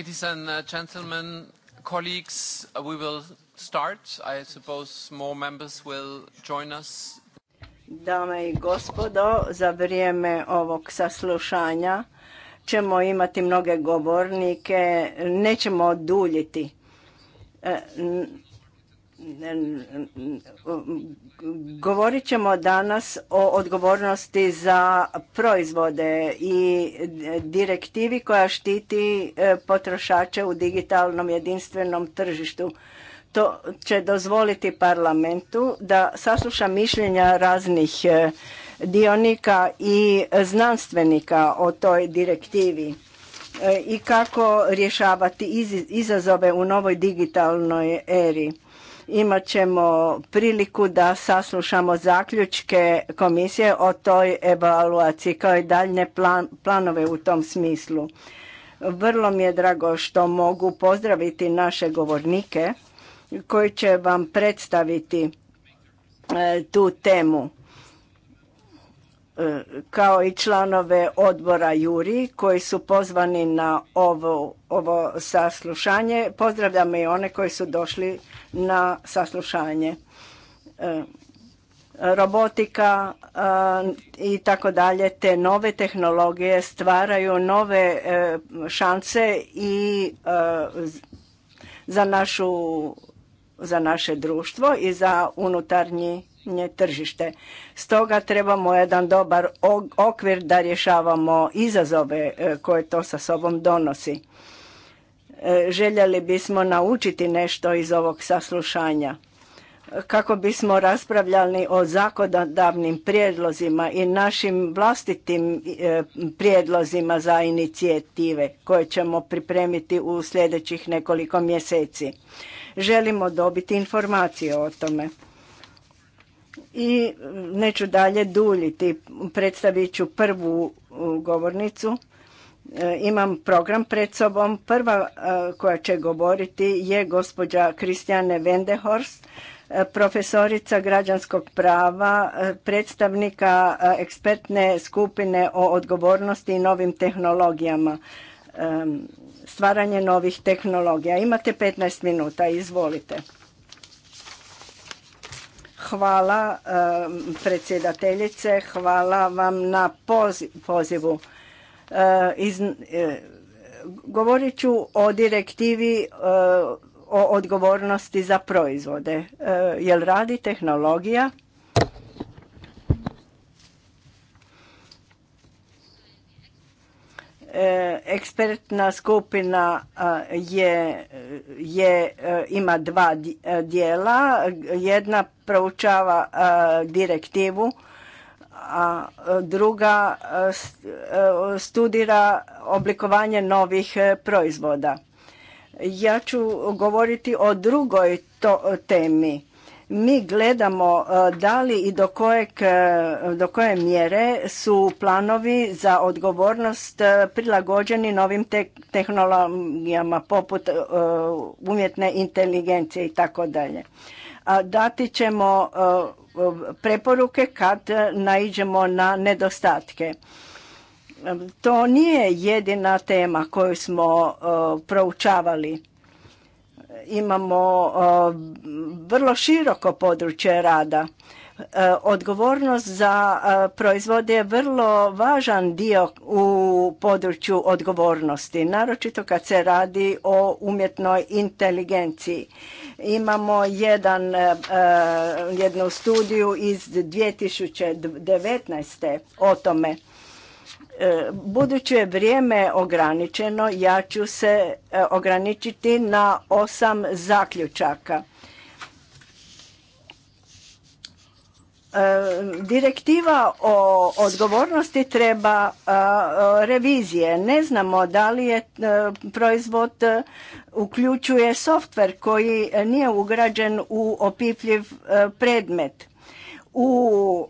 Ladies and uh, gentlemen, colleagues, uh, we will start. I suppose more members will join us. Dame i gospodo, za vrijeme ovog saslušanja ćemo imati mnoge govornike, nećemo duljiti. E, Govorit ćemo danas o odgovornosti za proizvode i direktivi koja štiti e, potrošače u digitalnom jedinstvenom tržištu. To će dozvoliti parlamentu da sasluša mišljenja raznih e, dionika i znanstvenika o toj direktivi e, i kako rješavati izazove u novoj digitalnoj eri Imat ćemo priliku da saslušamo zaključke komisije o toj evaluaciji kao i daljne planove u tom smislu. Vrlo mi je drago što mogu pozdraviti naše govornike koji će vam predstaviti e, tu temu E, kao i članove odbora Juri koji su pozvani na ovo, ovo saslušanje. Pozdravljam i one koji su došli na saslušanje. E, robotika e, i tako dalje, te nove tehnologije stvaraju nove šanse i za našu za naše društvo i za unutarnji tržište. Stoga trebamo jedan dobar okvir da rješavamo izazove e, koje to sa sobom donosi. E, željeli bismo naučiti nešto iz ovog saslušanja e, kako bismo raspravljali o zakonodavnim prijedlozima i našim vlastitim prijedlozima za inicijative koje ćemo pripremiti u sljedećih nekoliko mjeseci. Želimo dobiti informacije o tome. I neću dalje duljiti, predstavit ću prvu govornicu. E, imam program pred sobom. Prva e, koja će govoriti je gospođa Kristjane Vendehorst, e, profesorica građanskog prava, predstavnika ekspertne skupine o odgovornosti i novim tehnologijama, stvaranje novih tehnologija. Imate 15 minuta, izvolite. Hvala predsjedateljice, hvala vam na pozivu. govorit ću o direktivi o odgovornosti za proizvode. Jel radi tehnologija? ekspertna skupina je, ima dva dijela. Jedna proučava e, direktivu, a e, druga e, studira oblikovanje novih proizvoda. Ja ću govoriti o drugoj to temi. Mi gledamo da li i do, do koje mjere su planovi za odgovornost prilagođeni novim tehnologijama poput umjetne inteligencije i tako dalje dati ćemo e, preporuke kad naiđemo na nedostatke. To nije jedina tema koju smo e, proučavali. Imamo e, vrlo široko područje rada. Odgovornost za proizvode je vrlo važan dio u području odgovornosti, naročito kad se radi o umjetnoj inteligenciji. Imamo jedan, e, e, jednu studiju iz 2019. o tome. E, budući je vrijeme ograničeno, ja ću se ograničiti na osam zaključaka. E, direktiva o odgovornosti treba e, revizije. Ne znamo da li je e, proizvod uključuje softver koji nije ugrađen u opipljiv predmet. U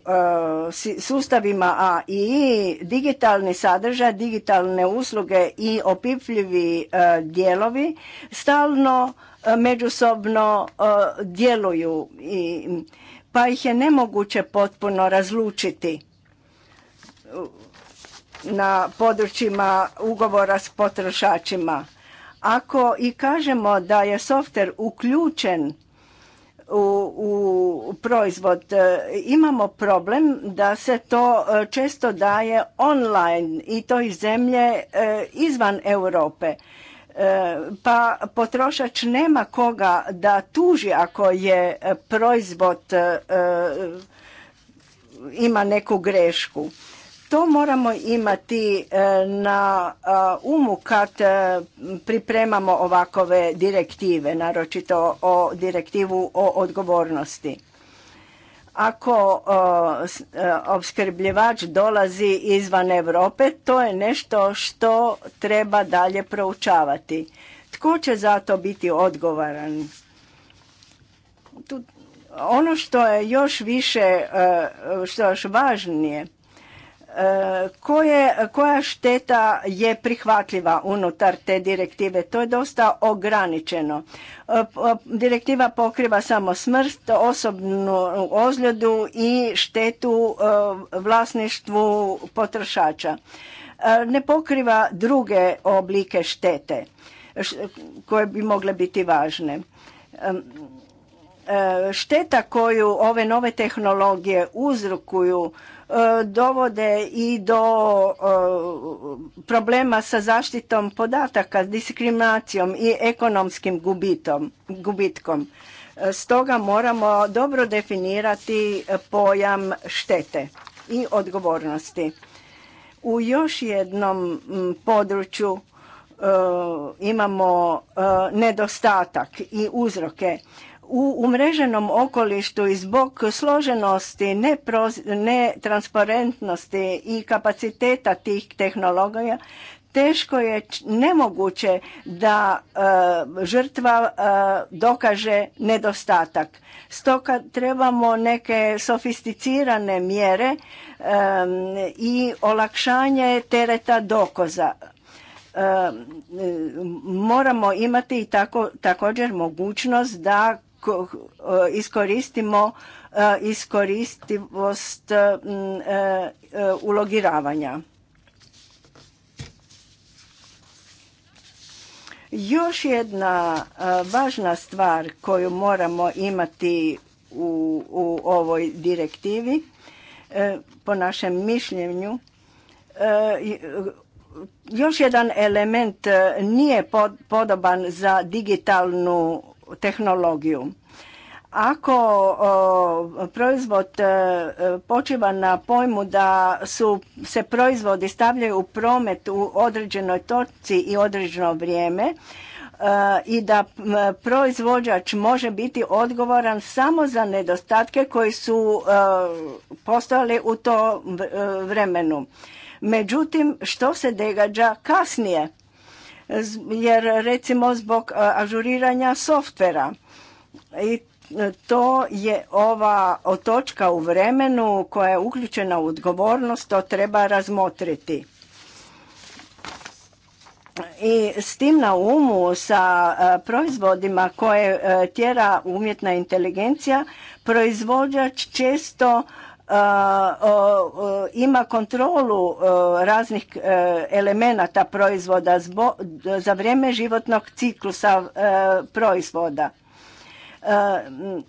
sustavima AI digitalni sadržaj, digitalne usluge i opipljivi dijelovi stalno međusobno djeluju i pa ih je nemoguće potpuno razlučiti na područjima ugovora s potrošačima. Ako i kažemo da je softver uključen u, u proizvod, e, imamo problem da se to e, često daje online i to iz zemlje e, izvan Europe. E, pa potrošač nema koga da tuži ako je e, proizvod e, ima neku grešku. To moramo imati na umu kad pripremamo ovakove direktive, naročito o direktivu o odgovornosti. Ako e, opskrbljivač dolazi izvan Europe, to je nešto što treba dalje proučavati. Tko će za to biti odgovoran? ono što je još više, e, što je još važnije, koje, koja šteta je prihvatljiva unutar te direktive? To je dosta ograničeno. E, e, direktiva pokriva samo smrt, osobnu ozljedu i štetu e, vlasništvu potrošača. Ne pokriva druge oblike štete koje bi mogle biti važne. Šteta koju ove nove tehnologije uzrokuju E, dovode i do e, problema sa zaštitom podataka, diskriminacijom i ekonomskim gubitkom. E, stoga moramo dobro definirati pojam štete i odgovornosti. U još jednom području imamo nedostatak i uzroke u umreženom okolištu i zbog složenosti, netransparentnosti i kapaciteta tih tehnologija, teško je, nemoguće da e, žrtva e, dokaže nedostatak. Stoga trebamo neke sofisticirane mjere i olakšanje tereta dokoza. E, moramo imati i također mogućnost da E, iskoristimo e, iskoristivost e, ulogiravanja. Još jedna važna stvar koju moramo imati u, u ovoj direktivi, po našem mišljenju, još jedan element nije podoban za digitalnu tehnologiju. Ako proizvod e, počiva na pojmu da su se proizvodi stavljaju u promet u određenoj točci i određeno vrijeme, e, i da proizvođač može biti odgovoran samo za nedostatke koji su e, postojali u to vremenu. Međutim, što se događa kasnije? jer recimo zbog e, ažuriranja softvera i e, to je ova točka u vremenu koja je uključena u odgovornost, to treba razmotriti. I s tim na umu sa e, proizvodima koje tjera umjetna inteligencija, proizvođač često ima kontrolu raznih e, elemenata proizvoda za vrijeme životnog ciklusa e, proizvoda. E,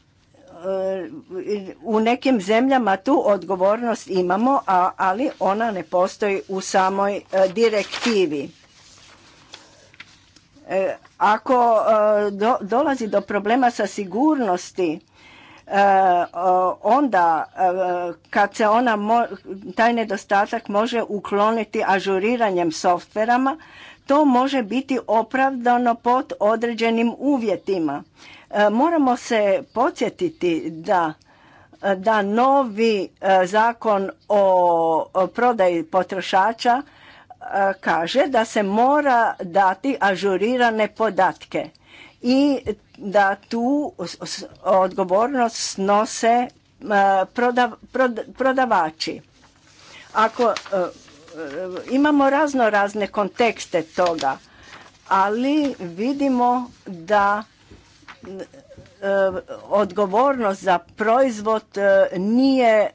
u nekim zemljama tu odgovornost imamo, ali ona ne postoji u samoj direktivi. Ako dolazi do problema sa sigurnosti, Eh, onda eh, kad se ona taj nedostatak može ukloniti ažuriranjem softverama to može biti opravdano pod određenim uvjetima eh, moramo se podsjetiti da da novi zakon o prodaji potrošača kaže da se mora dati ažurirane podatke i da tu odgovornost snose e, prodavači. Ako e, e, imamo razno razne kontekste toga, ali vidimo da odgovornost za proizvod nije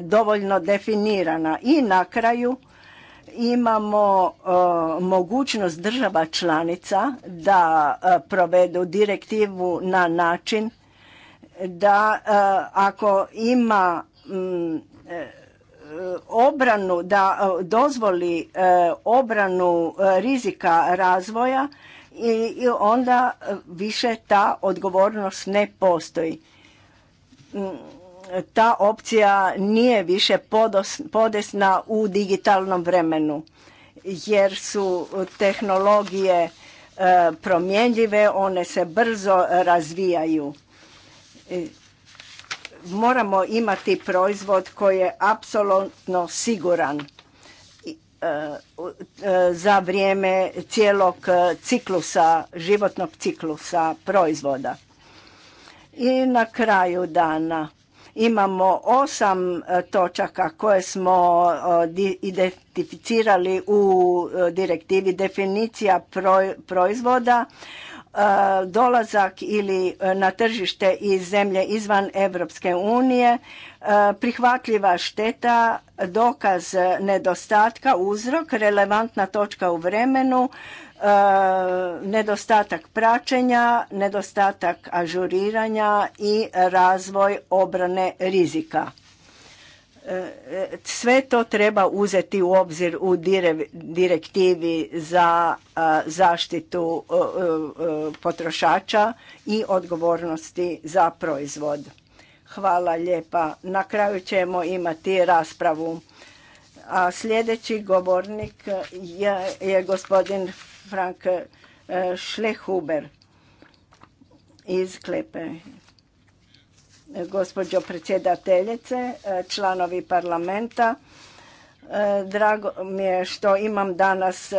dovoljno definirana i na kraju imamo e, mogućnost država članica da e, provedu direktivu na način da e, ako ima mm, obranu da dozvoli obranu rizika razvoja i onda više ta odgovornost ne postoji mm, ta opcija nije više podesna u digitalnom vremenu jer su tehnologije e, promjenljive, one se brzo razvijaju. E, moramo imati proizvod koji je apsolutno siguran e, za vrijeme cijelog ciklusa, životnog ciklusa proizvoda. I na kraju dana Imamo osam e, točaka koje smo e, identificirali u e, direktivi definicija proizvoda, dolazak ili na tržište iz zemlje izvan Europske unije, prihvatljiva šteta, dokaz nedostatka, uzrok, relevantna točka u vremenu, E, nedostatak praćenja, nedostatak ažuriranja i razvoj obrane rizika. E, sve to treba uzeti u obzir u direktivi za e, zaštitu potrošača i odgovornosti za proizvod. Hvala lijepa. Na kraju ćemo imati raspravu. A sljedeći govornik je, je gospodin Frank Schlehuber e, iz Klepe. Gospođo predsjedateljice, e, članovi parlamenta, e, Drago mi je što imam danas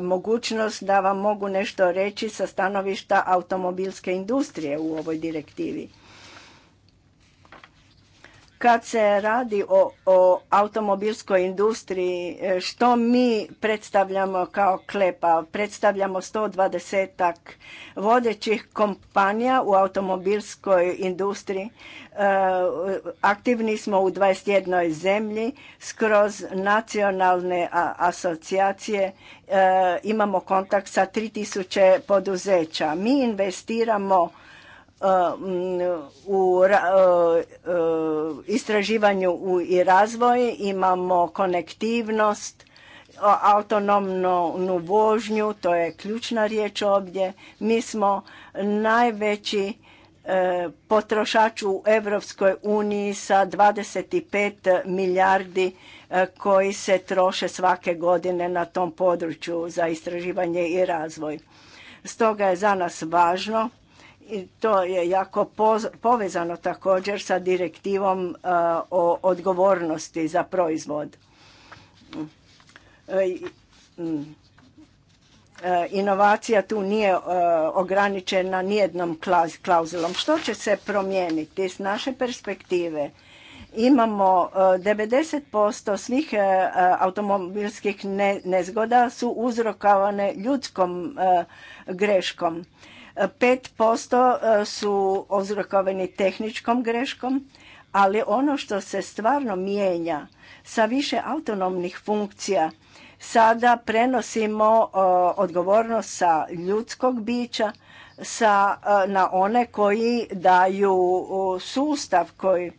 mogućnost da vam mogu nešto reći sa stanovišta automobilske industrije u ovoj direktivi. Kad se radi o, automobilskoj industriji, e, što mi predstavljamo kao klepa? Predstavljamo 120 vodećih kompanija u automobilskoj industriji. E, aktivni smo u 21 zemlji, skroz nacionalne asocijacije e, imamo kontakt sa 3000 poduzeća. Mi investiramo Mm, u istraživanju i razvoju, imamo konektivnost, autonomnu vožnju, to je ključna riječ ovdje. Mi smo najveći e, potrošač u Europskoj uniji sa 25 milijardi e, koji se troše svake godine na tom području za istraživanje i razvoj. Stoga je za nas važno i to je jako povezano također sa direktivom e, o odgovornosti za proizvod. E, mm. e, inovacija tu nije ograničena nijednom klauzulom. Što će se promijeniti s naše perspektive? Imamo 90% svih automobilskih nezgoda su uzrokovane ljudskom greškom 5% e, su ozrokoveni tehničkom greškom, ali ono što se stvarno mijenja sa više autonomnih funkcija, sada prenosimo e, odgovornost sa ljudskog bića sa, e, na one koji daju sustav koji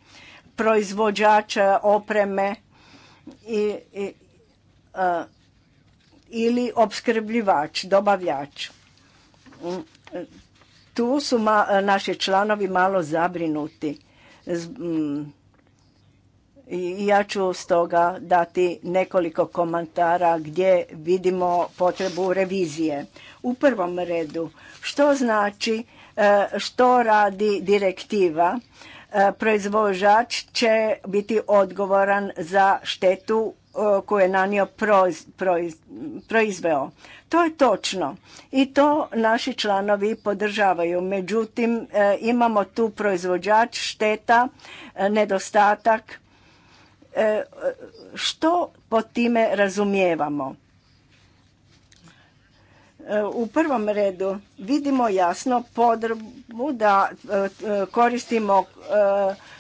proizvođača opreme i, ili opskrbljivač, dobavljač. Tu su ma, naši članovi malo zabrinuti. Mm, ja ću stoga dati nekoliko komentara gdje vidimo potrebu revizije. U prvom redu, što znači, e, što radi direktiva? E, proizvođač će biti odgovoran za štetu koje je nanio proiz, proizveo. To je točno i to naši članovi podržavaju. Međutim, e, imamo tu proizvođač šteta, e, nedostatak. E, što pod time razumijevamo? u prvom redu vidimo jasno podrbu da koristimo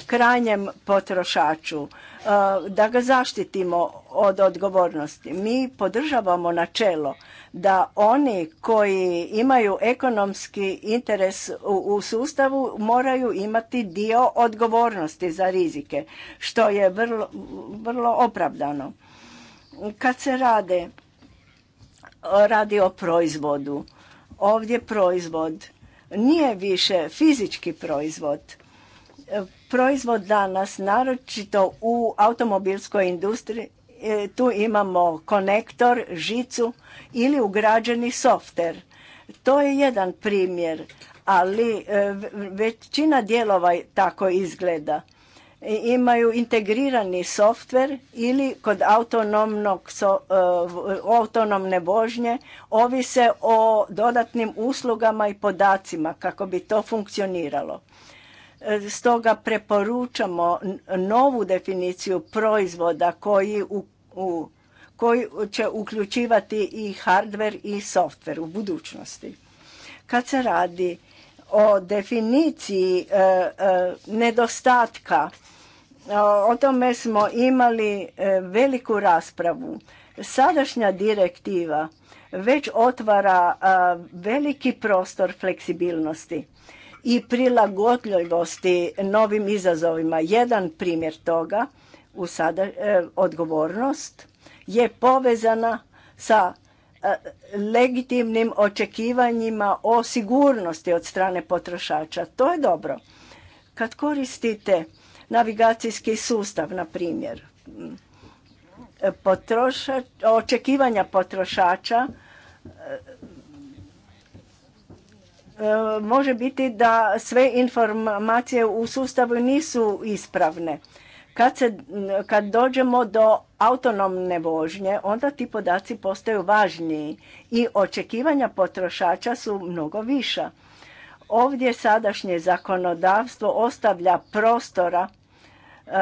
krajnjem potrošaču, e, da ga zaštitimo od odgovornosti. Mi podržavamo načelo da oni koji imaju ekonomski interes u sustavu moraju imati dio odgovornosti za rizike, što je vrlo, vrlo opravdano. Kad se rade, radi o proizvodu, ovdje proizvod nije više fizički proizvod, proizvod danas, naročito u automobilskoj industriji, e, tu imamo konektor, žicu ili ugrađeni softver. To je jedan primjer, ali e, većina dijelova tako izgleda. E, imaju integrirani softver ili kod autonomnog, autonomne vožnje ovise o dodatnim uslugama i podacima kako bi to funkcioniralo. Stoga preporučamo novu definiciju proizvoda koji, u, koji će uključivati i hardware i software u budućnosti. Kad se radi o definiciji e, e, nedostatka, e, o tome smo imali veliku raspravu. Sadašnja direktiva već otvara veliki prostor fleksibilnosti i prilagodljivosti novim izazovima. Jedan primjer toga u sada, e, odgovornost je povezana sa e, legitimnim očekivanjima o sigurnosti od strane potrošača. To je dobro. Kad koristite navigacijski sustav, na primjer, e, očekivanja potrošača E, može biti da sve informacije u sustavu nisu ispravne. Kad, se, kad dođemo do autonomne vožnje, onda ti podaci postaju važniji i očekivanja potrošača su mnogo viša. Ovdje sadašnje zakonodavstvo ostavlja prostora uh,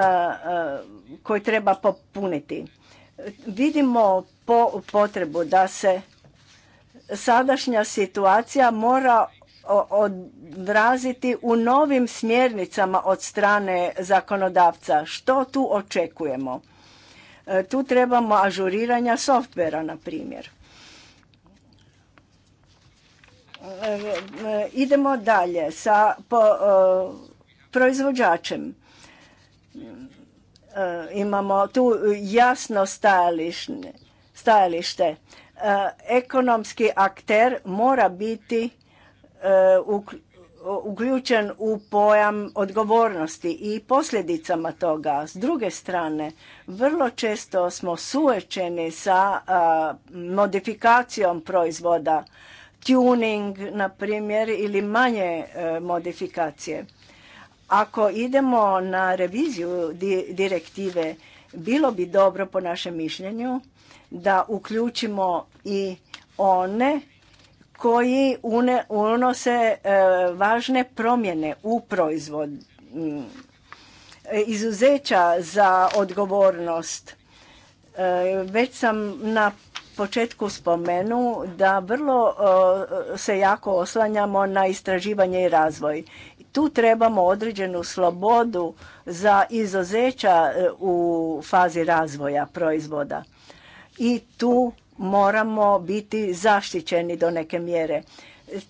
koji treba popuniti. Vidimo po, potrebu da se sadašnja situacija mora odraziti u novim smjernicama od strane zakonodavca. Što tu očekujemo? E, tu trebamo ažuriranja softvera, na primjer. E, e, idemo dalje sa proizvođačem. Imamo tu jasno stajalište. Ekonomski akter mora biti E, uključen u pojam odgovornosti i posljedicama toga. S druge strane, vrlo često smo suočeni sa modifikacijom proizvoda, tuning, na primjer, ili manje e, modifikacije. Ako idemo na reviziju direktive, bilo bi dobro po našem mišljenju da uključimo i one koji unose e, važne promjene u proizvod mm, izuzeća za odgovornost. E, već sam na početku spomenu da vrlo e, se jako oslanjamo na istraživanje i razvoj. Tu trebamo određenu slobodu za izuzeća u fazi razvoja proizvoda. I tu moramo biti zaštićeni do neke mjere.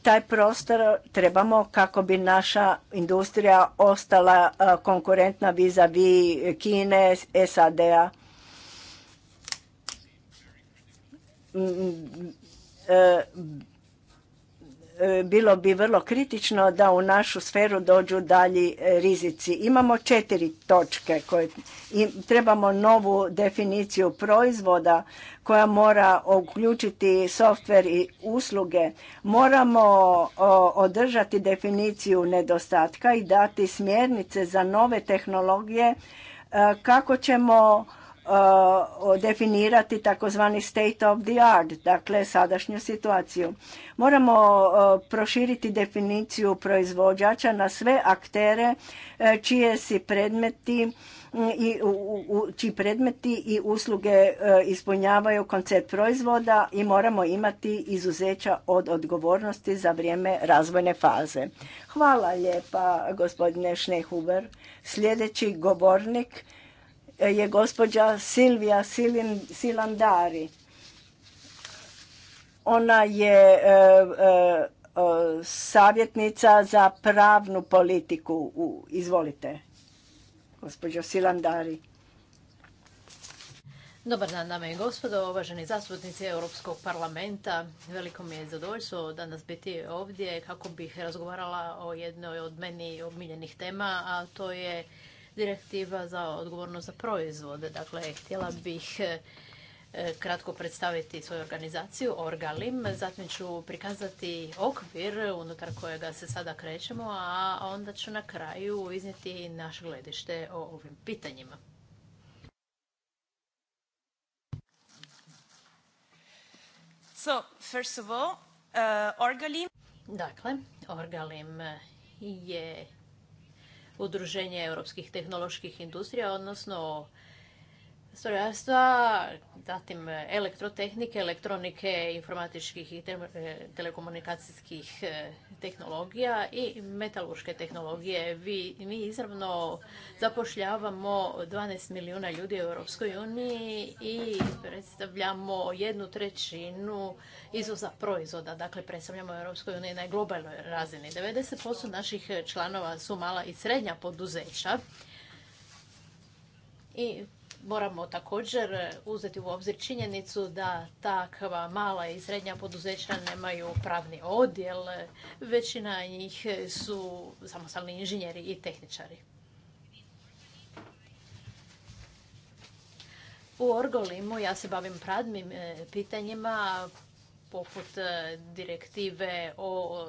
Taj prostor trebamo kako bi naša industrija ostala e, konkurentna vis-a-vis Kine, SAD-a. Mm, mm, e, E, bilo bi vrlo kritično da u našu sferu dođu dalji e, rizici. Imamo četiri točke koje trebamo novu definiciju proizvoda koja mora uključiti softver i usluge. Moramo održati definiciju nedostatka i dati smjernice za nove tehnologije e, kako ćemo definirati takozvani state of the art, dakle sadašnju situaciju. Moramo proširiti definiciju proizvođača na sve aktere e, čije si predmeti i čiji predmeti i usluge e, ispunjavaju koncept proizvoda i moramo imati izuzeća od odgovornosti za vrijeme razvojne faze. Hvala lijepa gospodine Schnehuber. Sljedeći govornik je gospođa Silvija Silandari. Ona je e, e, e, savjetnica za pravnu politiku. Izvolite, gospođo Silandari. Dobar dan, dame i gospodo, uvaženi zastupnici Europskog parlamenta. Veliko mi je zadovoljstvo danas biti ovdje kako bih razgovarala o jednoj od meni omiljenih tema, a to je direktiva za odgovornost za proizvode. Dakle, htjela bih e, kratko predstaviti svoju organizaciju Orgalim, zatim ću prikazati okvir unutar kojega se sada krećemo, a onda ću na kraju iznijeti naše gledište o ovim pitanjima. So, first of all, uh, Orgalim... Dakle, Orgalim je Udruženje europskih tehnoloških industrija, odnosno strojarstva, zatim e, elektrotehnike, elektronike, informatičkih i e, telekomunikacijskih e, tehnologija i metalurške tehnologije. mi izravno zapošljavamo 12 milijuna ljudi u Europskoj uniji i predstavljamo jednu trećinu izvoza proizvoda. Dakle, predstavljamo Europskoj uniji na globalnoj razini. 90% naših članova su mala i srednja poduzeća i moramo također e, uzeti u obzir činjenicu da takva mala i srednja poduzeća nemaju pravni odjel. Većina njih su samostalni inženjeri i tehničari. U Orgolimu ja se bavim pravnim e, pitanjima poput e, direktive o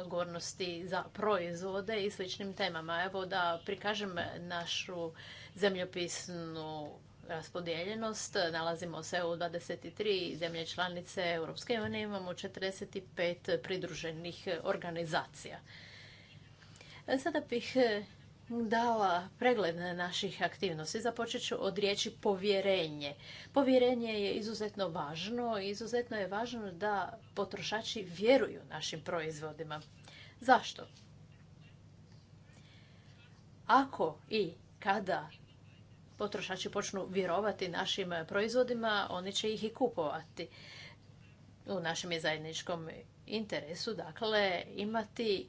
odgovornosti za proizvode i sličnim temama. Evo da prikažem našu zemljopisnu raspodijeljenost. Nalazimo se u 23 zemlje članice Europske unije, imamo 45 pridruženih organizacija. Sada bih dala pregled naših aktivnosti. Započet ću od riječi povjerenje. Povjerenje je izuzetno važno i izuzetno je važno da potrošači vjeruju našim proizvodima. Zašto? Ako i kada potrošači počnu vjerovati našim proizvodima, oni će ih i kupovati. U našem je zajedničkom interesu, dakle, imati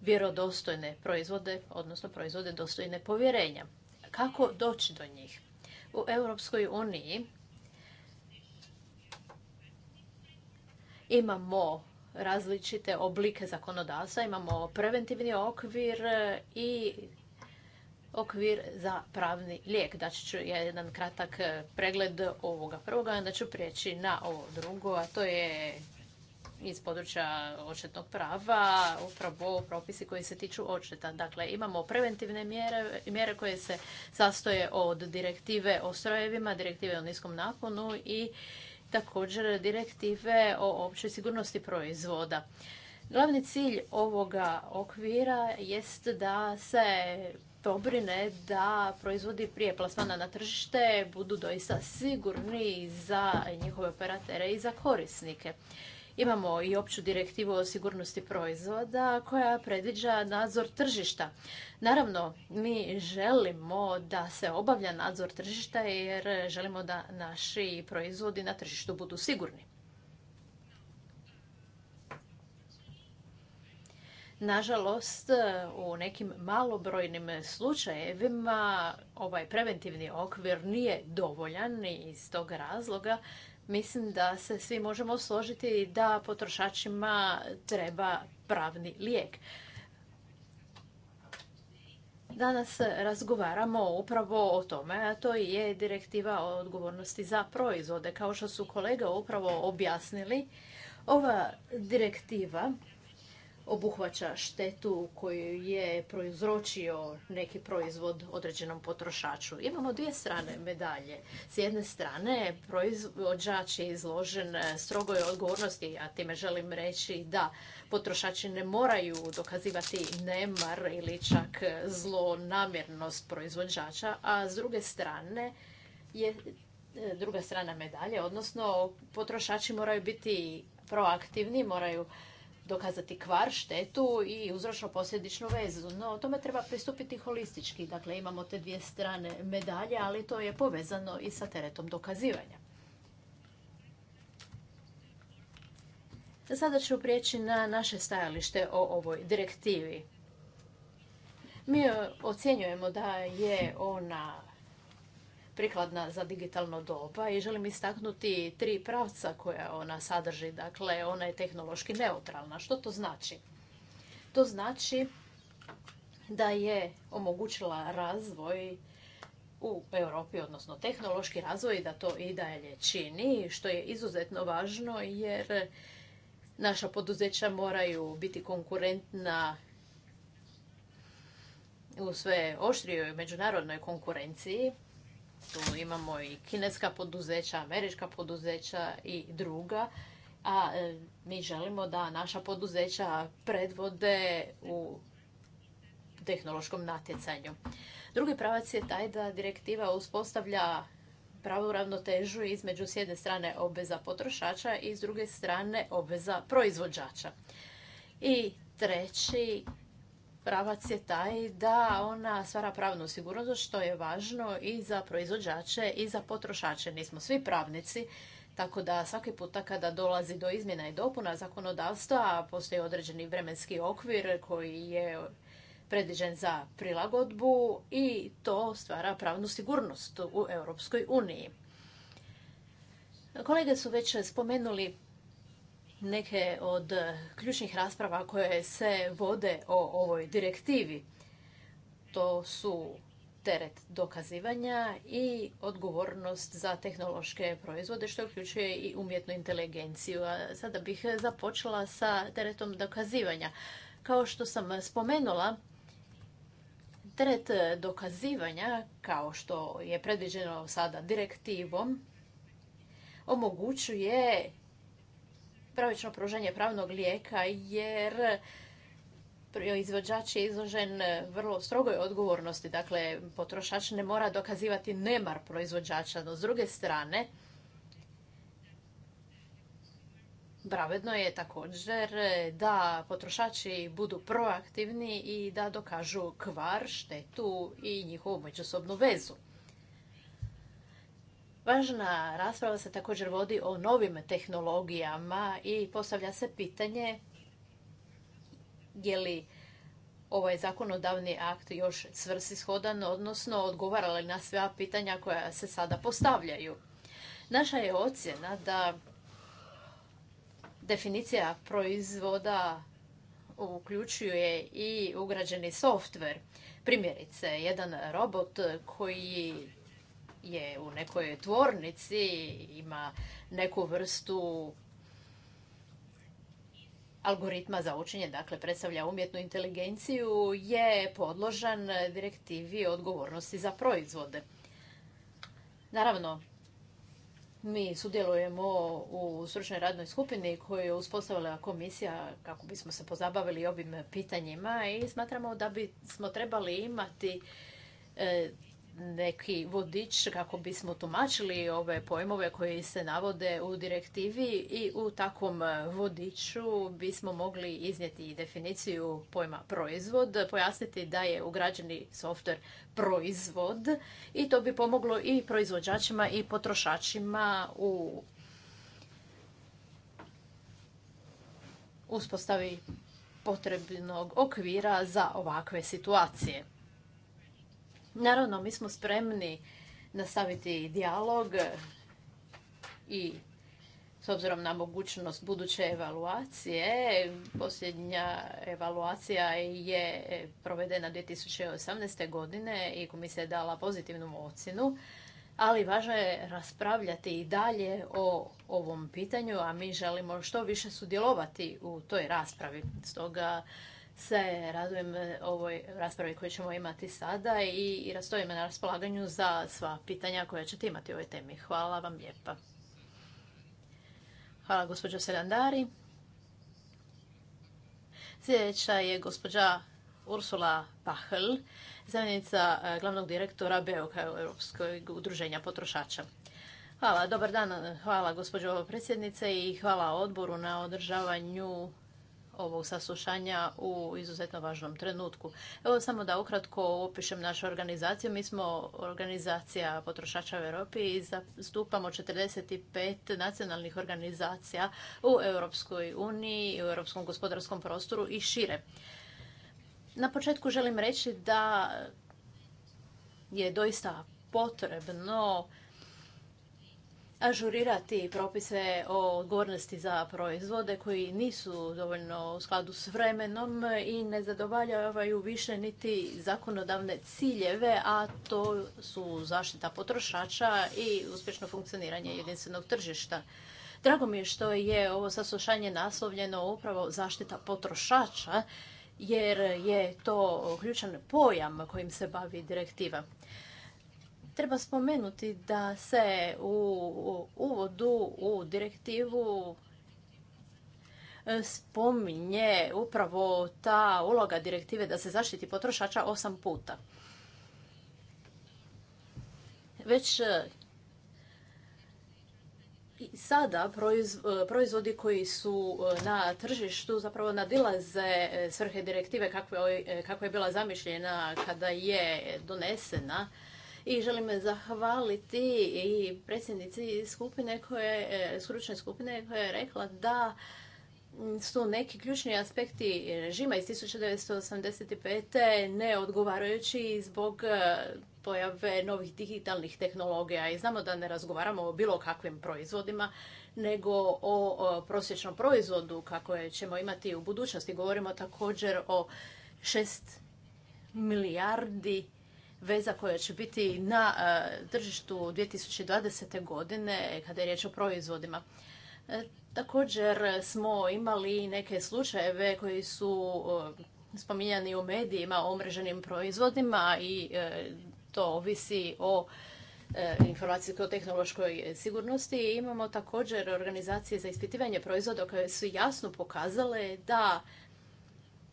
vjerodostojne proizvode, odnosno proizvode dostojne povjerenja. Kako doći do njih? U Europskoj uniji imamo različite oblike zakonodavstva, imamo preventivni okvir i okvir za pravni lijek. Daći ću jedan kratak pregled ovoga prvoga, onda ću prijeći na ovo drugo, a to je iz područja očetnog prava, upravo propisi koji se tiču očeta. Dakle, imamo preventivne mjere, mjere koje se sastoje od direktive o strojevima, direktive o niskom naponu i također direktive o općoj sigurnosti proizvoda. Glavni cilj ovoga okvira jest da se pobrine da proizvodi prije plasmana na tržište budu doista sigurni za njihove operatere i za korisnike. Imamo i opću direktivu o sigurnosti proizvoda koja predviđa nadzor tržišta. Naravno, mi želimo da se obavlja nadzor tržišta jer želimo da naši proizvodi na tržištu budu sigurni. Nažalost, u nekim malobrojnim slučajevima ovaj preventivni okvir nije dovoljan iz tog razloga Mislim da se svi možemo složiti da potrošačima treba pravni lijek. Danas razgovaramo upravo o tome, a to je direktiva o odgovornosti za proizvode. Kao što su kolega upravo objasnili, ova direktiva obuhvaća štetu koju je proizročio neki proizvod određenom potrošaču. Imamo dvije strane medalje. S jedne strane, proizvođač je izložen e, strogoj odgovornosti, a time želim reći da potrošači ne moraju dokazivati nemar ili čak e, zlonamjernost proizvođača, a s druge strane je e, druga strana medalje, odnosno potrošači moraju biti proaktivni, moraju dokazati kvar, štetu i uzročno-posljedičnu vezu. No, tome treba pristupiti holistički. Dakle, imamo te dvije strane medalje, ali to je povezano i sa teretom dokazivanja. Sada ću prijeći na naše stajalište o ovoj direktivi. Mi ocjenjujemo da je ona prikladna za digitalno doba i želim istaknuti tri pravca koja ona sadrži. Dakle, ona je tehnološki neutralna. Što to znači? To znači da je omogućila razvoj u Europi, odnosno tehnološki razvoj da to i dalje čini, što je izuzetno važno jer naša poduzeća moraju biti konkurentna u sve oštrijoj međunarodnoj konkurenciji tu imamo i kineska poduzeća, američka poduzeća i druga. A e, mi želimo da naša poduzeća predvode u tehnološkom natjecanju. Drugi pravac je taj da direktiva uspostavlja pravu ravnotežu između s jedne strane obveza potrošača i s druge strane obveza proizvođača. I treći pravac je taj da ona stvara pravnu sigurnost, što je važno i za proizvođače i za potrošače. Nismo svi pravnici, tako da svaki puta kada dolazi do izmjena i dopuna zakonodavstva, postoji određeni vremenski okvir koji je predviđen za prilagodbu i to stvara pravnu sigurnost u Europskoj uniji. Kolege su već spomenuli neke od eh, ključnih rasprava koje se vode o ovoj direktivi. To su teret dokazivanja i odgovornost za tehnološke proizvode, što uključuje i umjetnu inteligenciju. A sada bih započela sa teretom dokazivanja. Kao što sam spomenula, teret dokazivanja, kao što je predviđeno sada direktivom, omogućuje pravično pruženje pravnog lijeka jer proizvođač je izložen vrlo strogoj odgovornosti. Dakle, potrošač ne mora dokazivati nemar proizvođača. No, s druge strane, Pravedno je također da potrošači budu proaktivni i da dokažu kvar, štetu i njihovu međusobnu vezu. Važna rasprava se također vodi o novim tehnologijama i postavlja se pitanje je li ovaj zakonodavni akt još svrsishodan, odnosno odgovara li na sva pitanja koja se sada postavljaju. Naša je ocjena da definicija proizvoda uključuje i ugrađeni softver. Primjerice, jedan robot koji je u nekoj tvornici, ima neku vrstu algoritma za učenje, dakle predstavlja umjetnu inteligenciju, je podložan direktivi odgovornosti za proizvode. Naravno, mi sudjelujemo u stručnoj radnoj skupini koju je uspostavila komisija kako bismo se pozabavili ovim pitanjima i smatramo da bismo trebali imati e, neki vodič kako bismo tumačili ove pojmove koji se navode u direktivi i u takvom vodiču bismo mogli iznijeti i definiciju pojma proizvod, pojasniti da je ugrađeni softver proizvod i to bi pomoglo i proizvođačima i potrošačima u uspostavi potrebnog okvira za ovakve situacije. Naravno, mi smo spremni nastaviti dijalog i s obzirom na mogućnost buduće evaluacije, posljednja evaluacija je provedena 2018. godine i komisija je dala pozitivnu ocjenu, ali važno je raspravljati i dalje o ovom pitanju, a mi želimo što više sudjelovati u toj raspravi. Stoga se radujem e, ovoj raspravi koju ćemo imati sada i rastojim na raspolaganju za sva pitanja koja ćete imati u ovoj temi. Hvala vam lijepa. Hvala gospođo Sendari. Sljedeća je gospođa Ursula Pahl, zamjenica e, glavnog direktora BEOK e, Europskog udruženja potrošača. Hvala, dobar dan, hvala gospođo predsjednice i hvala odboru na održavanju ovog saslušanja u izuzetno važnom trenutku. Evo samo da ukratko opišem našu organizaciju. Mi smo organizacija potrošača u Europi i zastupamo 45 nacionalnih organizacija u Europskoj uniji, u Europskom gospodarskom prostoru i šire. Na početku želim reći da je doista potrebno ažurirati propise o odgovornosti za proizvode koji nisu dovoljno u skladu s vremenom i ne zadovoljavaju više niti zakonodavne ciljeve, a to su zaštita potrošača i uspješno funkcioniranje jedinstvenog tržišta. Drago mi je što je ovo saslušanje naslovljeno upravo zaštita potrošača, jer je to ključan pojam kojim se bavi direktiva. Treba spomenuti da se u uvodu u direktivu e, spominje upravo ta uloga direktive da se zaštiti potrošača osam puta. Već e, sada e, proizvodi koji su na tržištu zapravo nadilaze svrhe direktive kako je bila zamišljena kada je donesena i želim zahvaliti i predsjednici skupine koje, e, stručne skupine koja je rekla da su neki ključni aspekti režima iz 1985. neodgovarajući zbog e, pojave novih digitalnih tehnologija i znamo da ne razgovaramo o bilo kakvim proizvodima, nego o prosječnom proizvodu kako ćemo imati u budućnosti. Govorimo također o 6 milijardi veza koja će biti na e, tržištu 2020. godine kada je riječ o proizvodima. E, također smo imali neke slučajeve koji su e, spominjani u medijima o omreženim proizvodima i to ovisi o informacijsko-tehnološkoj sigurnosti. Imamo također organizacije za ispitivanje proizvoda koje su jasno pokazale da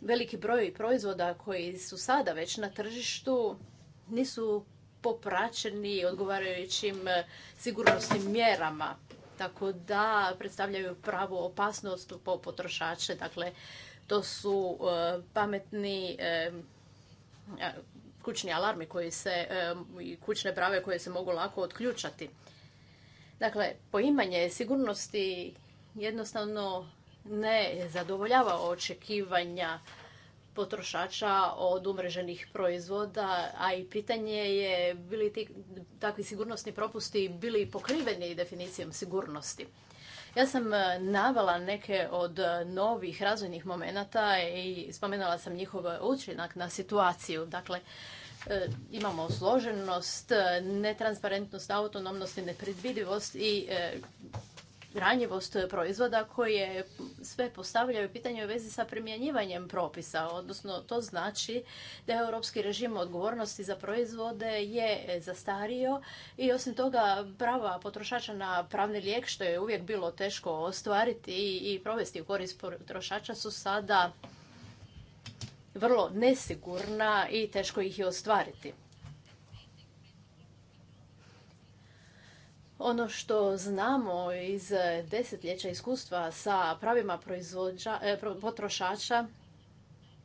veliki broj proizvoda koji su sada već na tržištu nisu popraćeni odgovarajućim e, sigurnosnim mjerama, tako da predstavljaju pravu opasnost po potrošače. Dakle, to su e, pametni e, kućni alarmi koji se, i kućne brave koje se mogu lako otključati. Dakle, poimanje sigurnosti jednostavno ne zadovoljava očekivanja potrošača od umreženih proizvoda, a i pitanje je bili ti takvi sigurnosni propusti bili pokriveni definicijom sigurnosti. Ja sam e, navela neke od novih razvojnih momenata i spomenula sam njihov učinak na situaciju. Dakle, e, imamo složenost, netransparentnost, autonomnost i nepredvidivost i e, ranjivost proizvoda koje sve postavljaju pitanje u vezi sa primjenjivanjem propisa, odnosno to znači da je europski režim odgovornosti za proizvode je zastario i osim toga prava potrošača na pravni lijek što je uvijek bilo teško ostvariti i provesti u korist potrošača su sada vrlo nesigurna i teško ih je ostvariti. ono što znamo iz desetljeća iskustva sa pravima e, potrošača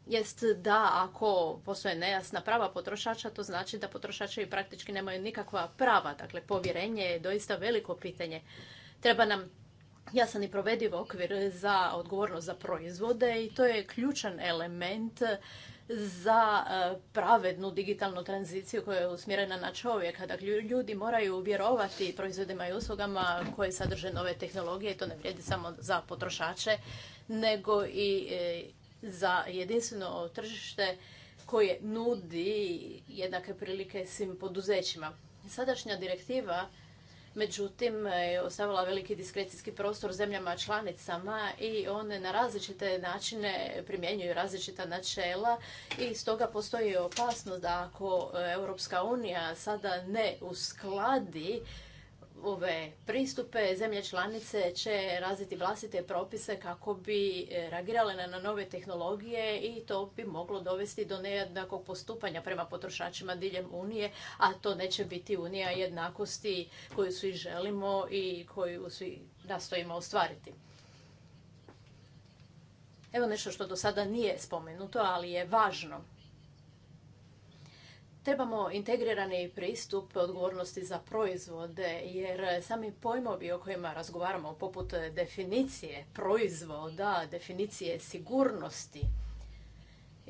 jest da ako postoje nejasna prava potrošača, to znači da potrošači praktički nemaju nikakva prava. Dakle, povjerenje je doista veliko pitanje. Treba nam jasan i provediv okvir za odgovornost za proizvode i to je ključan element za e, pravednu digitalnu tranziciju koja je usmjerena na čovjeka. Dakle, ljudi moraju vjerovati proizvodima i uslugama koje sadrže nove tehnologije i to ne vrijedi samo za potrošače, nego i e, za jedinstveno tržište koje nudi jednake prilike svim poduzećima. Sadašnja direktiva Međutim, e, ostavila veliki diskrecijski prostor zemljama članicama i one na različite načine primjenjuju različita načela i stoga postoji opasnost da ako Europska unija sada ne uskladi ove pristupe, zemlje članice će razviti vlastite propise kako bi e, reagirale na nove tehnologije i to bi moglo dovesti do nejednakog postupanja prema potrošačima diljem Unije, a to neće biti Unija jednakosti koju svi želimo i koju svi nastojimo ostvariti. Evo nešto što do sada nije spomenuto, ali je važno. Trebamo integrirani pristup odgovornosti za proizvode, jer sami pojmovi o kojima razgovaramo, poput definicije proizvoda, definicije sigurnosti,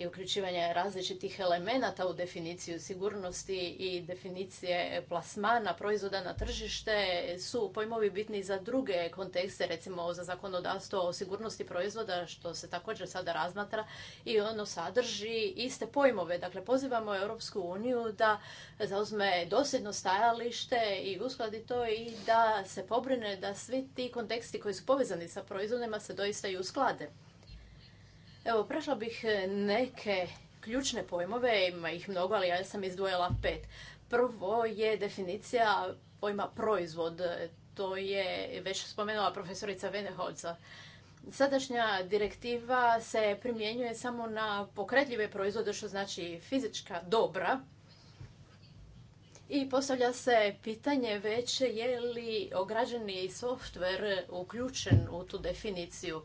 i uključivanje različitih elemenata u definiciju sigurnosti i definicije plasmana proizvoda na tržište su pojmovi bitni za druge kontekste, recimo za zakonodavstvo o sigurnosti proizvoda, što se također sada razmatra i ono sadrži iste pojmove. Dakle, pozivamo Europsku uniju da zauzme dosljedno stajalište i uskladi to i da se pobrine da svi ti konteksti koji su povezani sa proizvodima se doista i usklade. Evo, prešla bih e, neke ključne pojmove, ima ih mnogo, ali ja sam izdvojila pet. Prvo je definicija pojma proizvod, e, to je već spomenula profesorica Veneholca. Sadašnja direktiva se primjenjuje samo na pokretljive proizvode, što znači fizička dobra. I postavlja se pitanje već je li ograđeni softver uključen u tu definiciju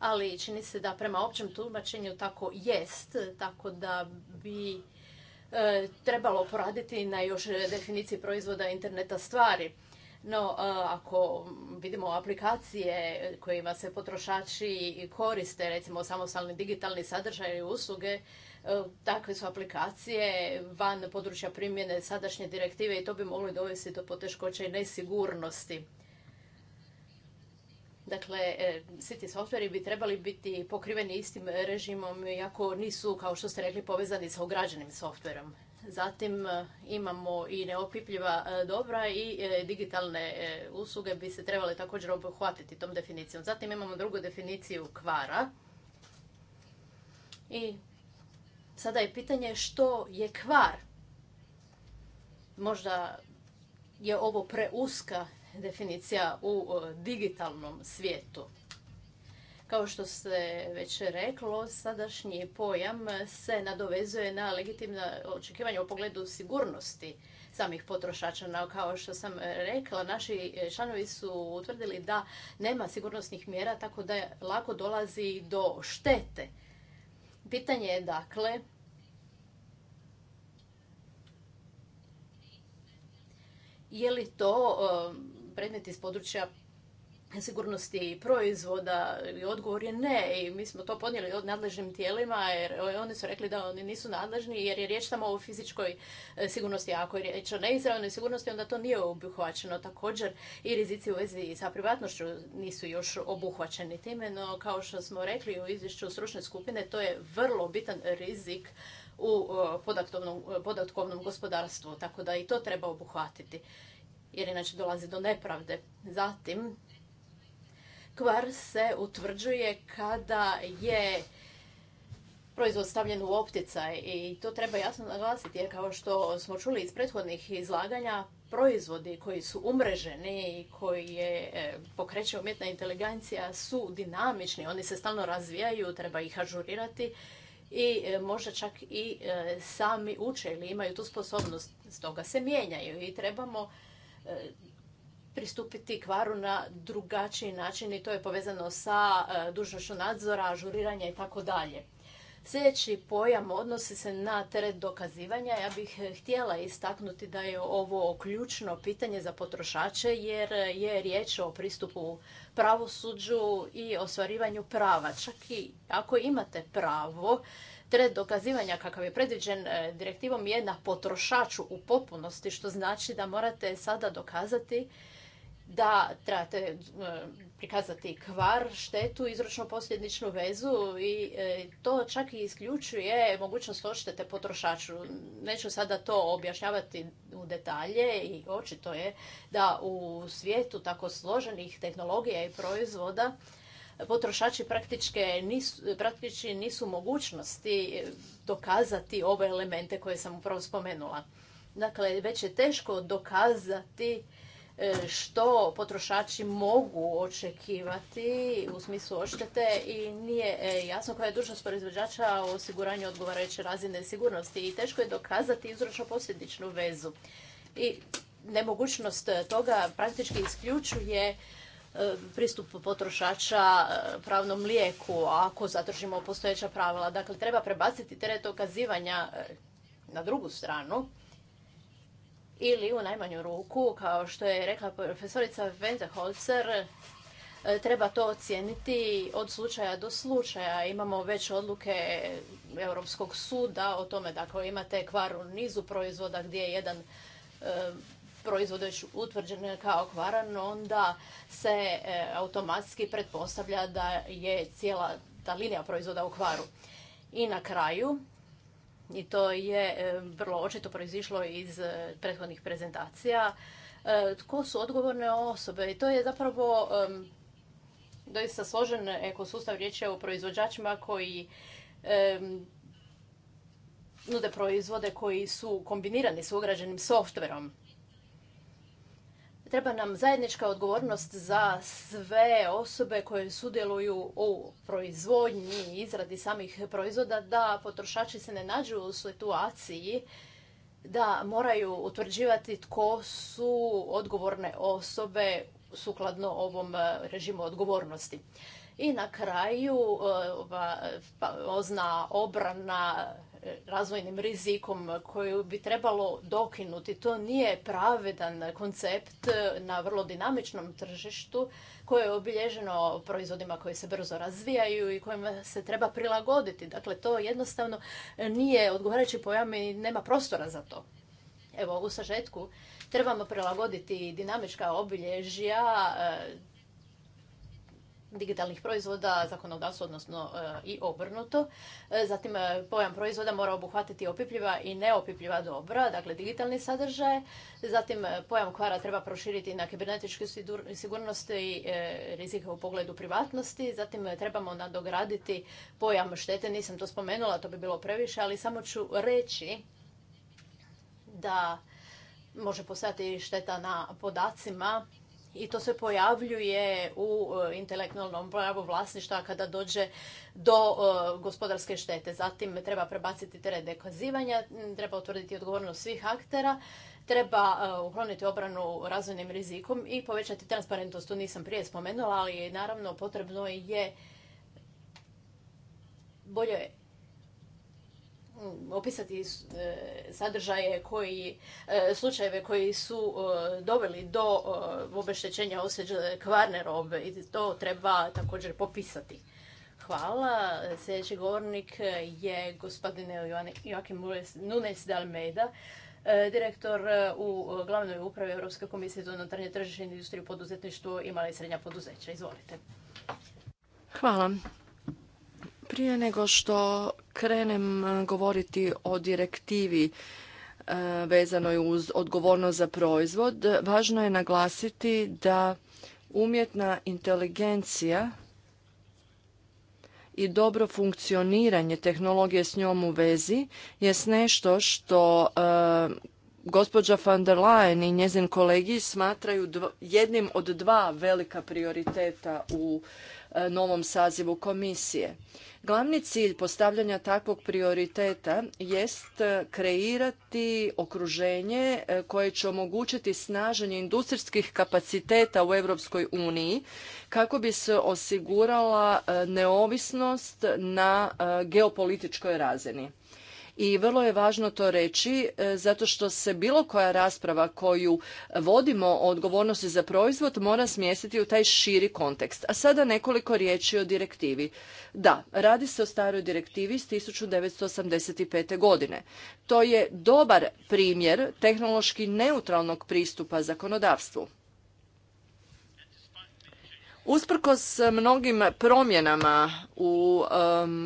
ali čini se da prema općem tumačenju tako jest, tako da bi e, trebalo poraditi na još definiciji proizvoda interneta stvari. No, e, ako vidimo aplikacije kojima se potrošači koriste, recimo samostalni digitalni sadržaj i usluge, e, takve su aplikacije van područja primjene sadašnje direktive i to bi moglo dovesti do poteškoća i nesigurnosti. Dakle, e, svi ti softveri bi trebali biti pokriveni istim režimom, iako nisu, kao što ste rekli, povezani sa ograđenim softverom. Zatim e, imamo i neopipljiva e, dobra i digitalne usluge bi se trebale također obuhvatiti tom definicijom. Zatim imamo drugu definiciju kvara. I sada je pitanje što je kvar. Možda je ovo preuska definicija u e, digitalnom svijetu. Kao što se već reklo, sadašnji pojam se nadovezuje na legitimna očekivanja u pogledu sigurnosti samih potrošača. kao što sam rekla, naši članovi su utvrdili da nema sigurnosnih mjera, tako da lako dolazi do štete. Pitanje je dakle, je li to e, predmet iz područja sigurnosti proizvoda i odgovor je ne i mi smo to podnijeli od nadležnim tijelima jer oni su rekli da oni nisu nadležni jer je riječ samo o fizičkoj e, sigurnosti, ako je riječ o neizravnoj sigurnosti onda to nije obuhvaćeno. Također i rizici u vezi sa privatnošću nisu još obuhvaćeni time, no kao što smo rekli u izvješću stručne skupine to je vrlo bitan rizik u e, podatkovnom, e, podatkovnom gospodarstvu, tako da i to treba obuhvatiti jer inače dolazi do nepravde. Zatim, kvar se utvrđuje kada je proizvod stavljen u opticaj i to treba jasno naglasiti jer kao što smo čuli iz prethodnih izlaganja, proizvodi koji su umreženi i je e, pokreće umjetna inteligencija su dinamični, oni se stalno razvijaju, treba ih ažurirati i e, možda čak i e, sami uče ili imaju tu sposobnost, stoga se mijenjaju i trebamo E, pristupiti kvaru na drugačiji način i to je povezano sa e, dužnošću nadzora, ažuriranja i tako dalje. Sljedeći pojam odnosi se na teret dokazivanja. Ja bih e, htjela istaknuti da je ovo ključno pitanje za potrošače jer je riječ o pristupu pravosuđu i ostvarivanju prava. Čak i ako imate pravo, teret dokazivanja kakav je predviđen e, direktivom je na potrošaču u popunosti, što znači da morate sada dokazati da trebate e, prikazati kvar, štetu, izročno posljedničnu vezu i e, to čak i isključuje mogućnost odštete potrošaču. Neću sada to objašnjavati u detalje i očito je da u svijetu tako složenih tehnologija i proizvoda potrošači praktički nisu, nisu mogućnosti dokazati ove elemente koje sam upravo spomenula. Dakle, već je teško dokazati e, što potrošači mogu očekivati u smislu oštete i nije e, jasno koja je dužnost proizvođača o osiguranju odgovarajuće razine sigurnosti i teško je dokazati izročno-posljedičnu vezu. I nemogućnost toga praktički isključuje E, pristup potrošača e, pravnom lijeku ako zadržimo postojeća pravila. Dakle, treba prebaciti teret okazivanja e, na drugu stranu ili u najmanju ruku, kao što je rekla profesorica Wendeholzer, treba to ocijeniti od slučaja do slučaja. Imamo već odluke Europskog suda o tome, dakle imate kvar u nizu proizvoda gdje je jedan proizvode već utvrđen kao kvaran, onda se e, automatski pretpostavlja da je cijela ta linija proizvoda u kvaru. I na kraju, i to je e, vrlo očito proizišlo iz e, prethodnih prezentacija, tko su odgovorne osobe. I to je zapravo doista složen ekosustav. Riječ je o proizvođačima koji nude proizvode koji su kombinirani s ugrađenim softverom. Treba nam zajednička odgovornost za sve osobe koje sudjeluju u proizvodnji i izradi samih proizvoda da potrošači se ne nađu u situaciji da moraju utvrđivati tko su odgovorne osobe sukladno ovom e, režimu odgovornosti. I na kraju e, ova pa, obrana razvojnim rizikom koju bi trebalo dokinuti. To nije pravedan koncept na vrlo dinamičnom tržištu koje je obilježeno proizvodima koji se brzo razvijaju i kojima se treba prilagoditi. Dakle, to jednostavno nije odgovarajući pojam i nema prostora za to. Evo, u sažetku trebamo prilagoditi dinamička obilježja e, digitalnih proizvoda, zakonodavstvo, odnosno e, i obrnuto. E, zatim, e, pojam proizvoda mora obuhvatiti opipljiva i neopipljiva dobra, dakle digitalni sadržaj. Zatim, pojam kvara treba proširiti na kibernetičke sigurnosti i rizike u pogledu privatnosti. Zatim, trebamo nadograditi pojam štete. Nisam to spomenula, to bi bilo previše, ali samo ću reći da može postati šteta na podacima i to se pojavljuje u e, intelektualnom pravu vlasništva kada dođe do e, gospodarske štete. Zatim treba prebaciti teret dekazivanja, treba utvrditi odgovornost svih aktera, treba e, ukloniti obranu razvojnim rizikom i povećati transparentnost. To nisam prije spomenula, ali naravno potrebno je bolje Mm, opisati e, sadržaje koji, e, slučajeve koji su e, doveli do obeštećenja osjećaja kvarne robe i to treba također popisati. Hvala. Sljedeći govornik je gospodine Joakim Nunes de Almeida, direktor u glavnoj upravi Europske komisije za unutarnje tržište, industriju, poduzetništvo i mala i srednja poduzeća. Izvolite. Hvala. Prije nego što krenem e, govoriti o direktivi e, vezanoj uz odgovornost za proizvod, važno je naglasiti da umjetna inteligencija i dobro funkcioniranje tehnologije s njom u vezi je nešto što e, gospođa van der Leyen i njezin kolegi smatraju jednim od dva velika prioriteta u E, novom sazivu komisije. Glavni cilj postavljanja takvog prioriteta jest e, kreirati okruženje e, koje će omogućiti snaženje industrijskih kapaciteta u Europskoj uniji kako bi se osigurala neovisnost na geopolitičkoj razini i vrlo je važno to reći e, zato što se bilo koja rasprava koju vodimo o odgovornosti za proizvod mora smjestiti u taj širi kontekst. A sada nekoliko riječi o direktivi. Da, radi se o staroj direktivi iz 1985. godine. To je dobar primjer tehnološki neutralnog pristupa zakonodavstvu. Usprkos mnogim promjenama u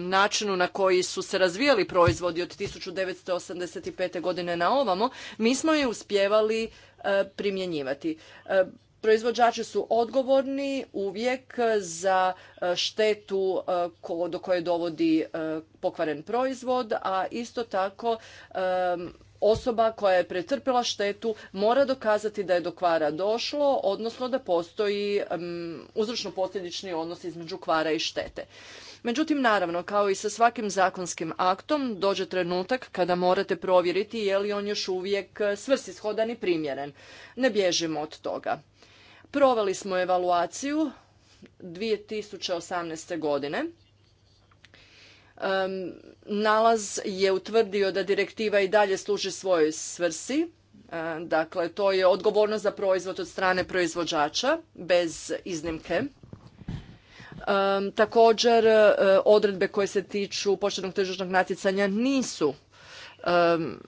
načinu na koji su se razvijali proizvodi od 1985. godine na ovamo, mi smo je uspjevali eh, primjenjivati. Eh, proizvođači su odgovorni uvijek za eh, štetu do koje dovodi pokvaren proizvod, a isto tako osoba koja je pretrpjela štetu mora dokazati da je do kvara došlo, odnosno da postoji uzročno-posljedični odnos između kvara i štete. Međutim, naravno, kao i sa svakim zakonskim aktom, dođe trenutak kada morate provjeriti je li on još uvijek e, svrsishodan i primjeren. Ne bježimo od toga. Proveli smo evaluaciju 2018. godine nalaz je utvrdio da direktiva i dalje služi svojoj svrsi, dakle to je odgovornost za proizvod od strane proizvođača bez iznimke. također e, odredbe koje se tiču poštenog tržišnog natjecanja nisu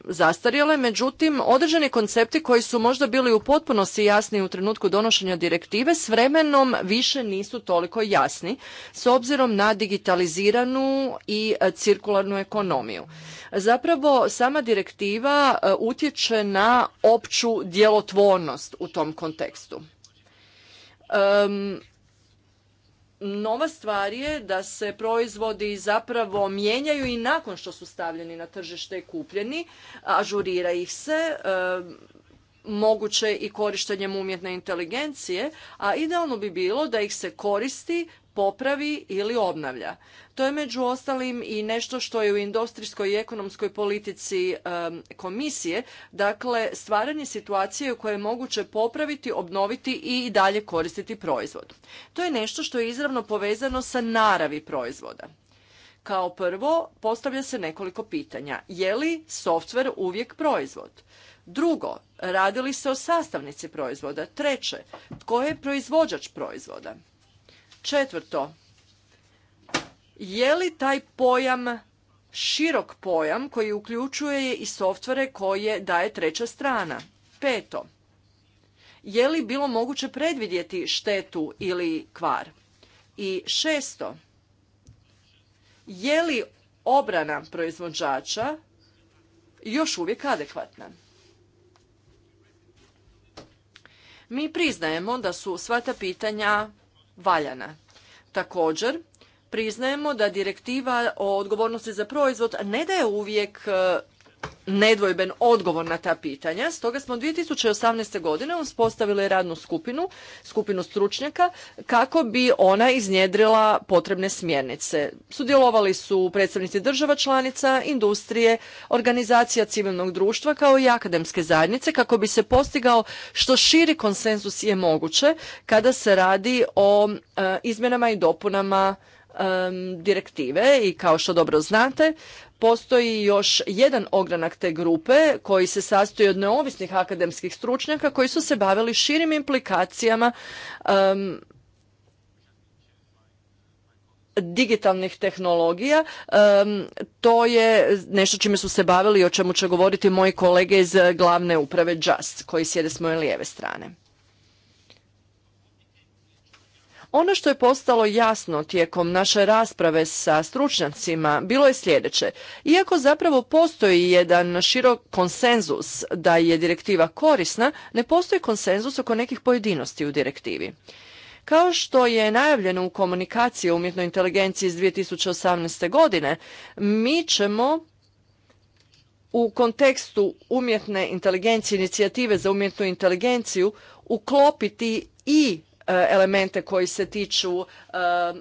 zastarjele, međutim određeni koncepti koji su možda bili u potpunosti jasni u trenutku donošenja direktive s vremenom više nisu toliko jasni s obzirom na digitaliziranu i e, cirkularnu ekonomiju. Zapravo sama direktiva e, utječe na opću djelotvornost u tom kontekstu. Nova stvar je da se proizvodi zapravo mijenjaju i nakon što su stavljeni na tržište i kupljeni, ažurira ih se, eh, moguće i korištenjem umjetne inteligencije, a idealno bi bilo da ih se koristi popravi ili obnavlja. To je među ostalim i nešto što je u industrijskoj i ekonomskoj politici komisije, dakle stvaranje situacije u kojoj je moguće popraviti, obnoviti i dalje koristiti proizvod. To je nešto što je izravno povezano sa naravi proizvoda. Kao prvo, postavlja se nekoliko pitanja. Je li softver uvijek proizvod? Drugo, radi li se o sastavnici proizvoda? Treće, tko je proizvođač proizvoda? Četvrto, je li taj pojam širok pojam koji uključuje i softvere koje daje treća strana? Peto, je li bilo moguće predvidjeti štetu ili kvar? I šesto, je li obrana proizvođača još uvijek adekvatna? Mi priznajemo da su sva ta pitanja valjana. Također, priznajemo da direktiva o odgovornosti za proizvod ne daje uvijek e, nedvojben odgovor na ta pitanja. Stoga smo 2018. godine uspostavili radnu skupinu, skupinu stručnjaka, kako bi ona iznjedrila potrebne smjernice. Sudjelovali su predstavnici država članica, industrije, organizacija civilnog društva kao i akademske zajednice kako bi se postigao što širi konsenzus je moguće kada se radi o e, izmjenama i dopunama e, direktive i kao što dobro znate postoji još jedan ogranak te grupe koji se sastoji od neovisnih akademskih stručnjaka koji su se bavili širim implikacijama digitalnih tehnologija. to je nešto čime su se bavili i o čemu će govoriti moji kolege iz glavne uprave JUST koji sjede s moje lijeve strane. Ono što je postalo jasno tijekom naše rasprave sa stručnjacima bilo je sljedeće. Iako zapravo postoji jedan širok konsenzus da je direktiva korisna, ne postoji konsenzus oko nekih pojedinosti u direktivi. Kao što je najavljeno u komunikaciji o umjetnoj inteligenciji iz 2018. godine, mi ćemo u kontekstu umjetne inteligencije, inicijative za umjetnu inteligenciju, uklopiti i E, elemente koji se tiču e,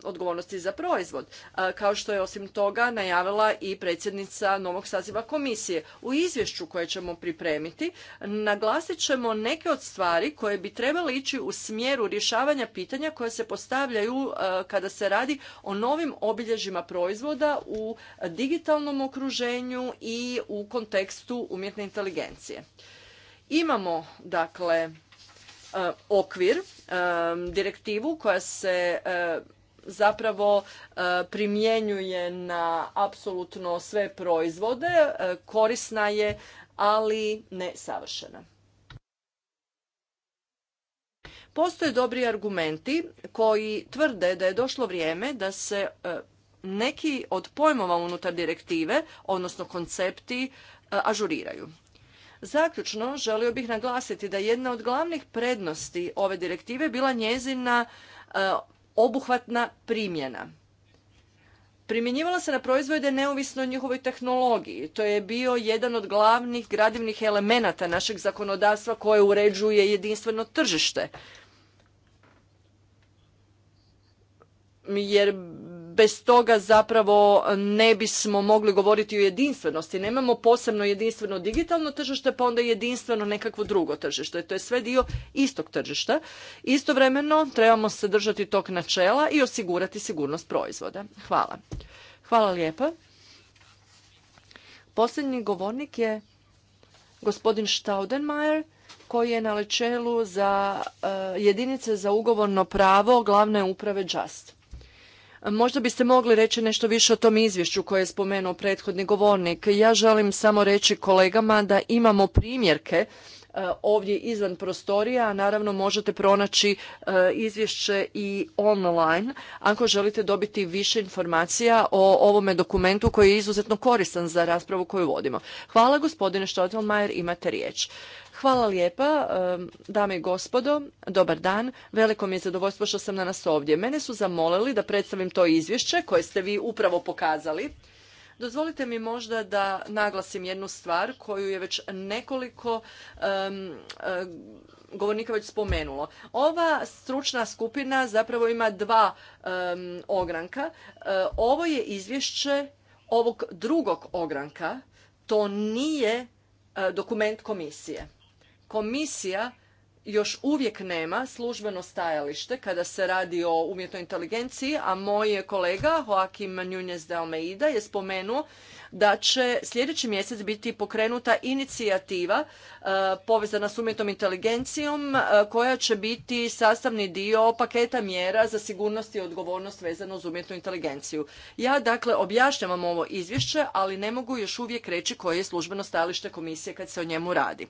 odgovornosti za proizvod. E, kao što je osim toga najavila i predsjednica novog saziva komisije. U izvješću koje ćemo pripremiti naglasit ćemo neke od stvari koje bi trebale ići u smjeru rješavanja pitanja koja se postavljaju kada se radi o novim obilježima proizvoda u digitalnom okruženju i u kontekstu umjetne inteligencije. Imamo dakle E, okvir, e, direktivu koja se e, zapravo primjenjuje na apsolutno sve proizvode, korisna je, ali ne savršena. Postoje dobri argumenti koji tvrde da je došlo vrijeme da se neki od pojmova unutar direktive, odnosno koncepti, ažuriraju. Zaključno, želio bih naglasiti da jedna od glavnih prednosti ove direktive bila njezina e, obuhvatna primjena. Primjenjivala se na proizvode neovisno o njihovoj tehnologiji. To je bio jedan od glavnih gradivnih elemenata našeg zakonodavstva koje uređuje jedinstveno tržište. Jer bez toga zapravo ne bismo mogli govoriti o jedinstvenosti. Nemamo posebno jedinstveno digitalno tržište, pa onda jedinstveno nekakvo drugo tržište. To je sve dio istog tržišta. Istovremeno trebamo se držati tog načela i osigurati sigurnost proizvoda. Hvala. Hvala lijepa. Posljednji govornik je gospodin Staudenmajer, koji je na lečelu za eh, jedinice za ugovorno pravo glavne uprave Just. Možda biste mogli reći nešto više o tom izvješću koje je spomenuo prethodni govornik. Ja želim samo reći kolegama da imamo primjerke e, ovdje izvan prostorija, a naravno možete pronaći e, izvješće i online ako želite dobiti više informacija o ovome dokumentu koji je izuzetno koristan za raspravu koju vodimo. Hvala gospodine Štotelmajer, imate riječ. Hvala lijepa, dame i gospodo, dobar dan. Veliko mi je zadovoljstvo što sam nas ovdje. Mene su zamolili da predstavim to izvješće koje ste vi upravo pokazali. Dozvolite mi možda da naglasim jednu stvar koju je već nekoliko e, govornika već spomenulo. Ova stručna skupina zapravo ima dva ogranka. E, ovo je izvješće ovog drugog ogranka. To nije e, dokument komisije komisija još uvijek nema službeno stajalište kada se radi o umjetnoj inteligenciji, a moj kolega Joaquim Nunez de Almeida je spomenuo da će sljedeći mjesec biti pokrenuta inicijativa e, povezana s umjetnom inteligencijom e, koja će biti sastavni dio paketa mjera za sigurnost i odgovornost vezano uz umjetnu inteligenciju. Ja dakle objašnjavam ovo izvješće, ali ne mogu još uvijek reći koje je službeno stajalište komisije kad se o njemu radi.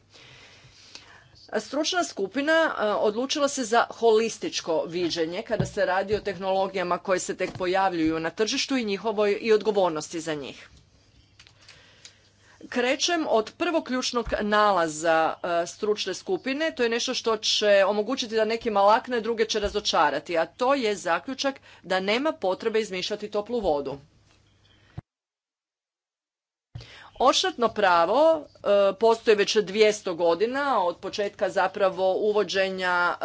Stručna skupina e, odlučila se za holističko viđenje kada se radi o tehnologijama koje se tek pojavljuju na tržištu i njihovoj i odgovornosti za njih. Krećem od prvog ključnog nalaza e, stručne skupine, to je nešto što će omogućiti da nekima lakne, druge će razočarati, a to je zaključak da nema potrebe izmišljati toplu vodu. Ošatno pravo eh, postoji već 200 godina od početka zapravo uvođenja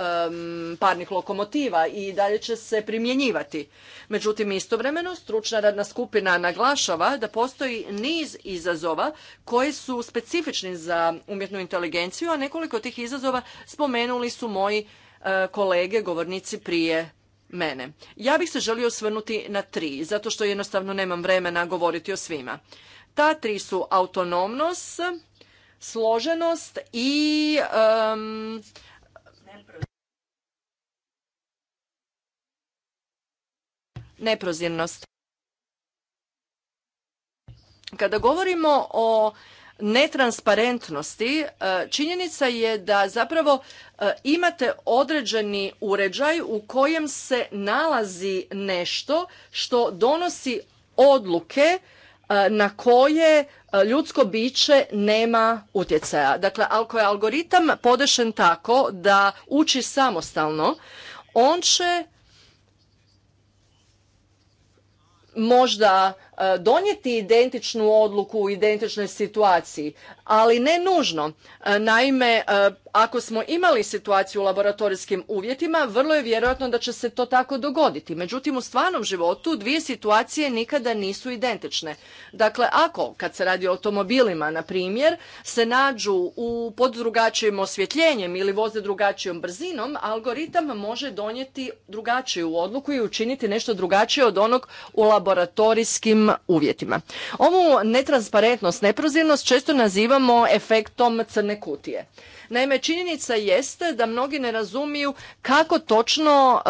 parnih lokomotiva i dalje će se primjenjivati. Međutim, istovremeno stručna radna skupina naglašava da postoji niz izazova koji su specifični za umjetnu inteligenciju, a nekoliko tih izazova spomenuli su moji eh, kolege, govornici prije mene. Ja bih se želio osvrnuti na tri, zato što jednostavno nemam vremena govoriti o svima. Ta tri su autonomnost, složenost i neprozirnost. Kada govorimo o netransparentnosti, e, činjenica je da zapravo e, imate određeni uređaj u kojem se nalazi nešto što donosi odluke E, na koje e, ljudsko biće nema utjecaja. Dakle, ako je algoritam podešen tako da uči samostalno, on će možda E, donijeti identičnu odluku u identičnoj situaciji, ali ne nužno. E, naime, e, ako smo imali situaciju u laboratorijskim uvjetima, vrlo je vjerojatno da će se to tako dogoditi. Međutim, u stvarnom životu dvije situacije nikada nisu identične. Dakle, ako, kad se radi o automobilima, na primjer, se nađu u, pod drugačijim osvjetljenjem ili voze drugačijom brzinom, algoritam može donijeti drugačiju odluku i učiniti nešto drugačije od onog u laboratorijskim uvjetima. Ovu netransparentnost, neprozirnost često nazivamo efektom crne kutije. Naime, činjenica jeste da mnogi ne razumiju kako točno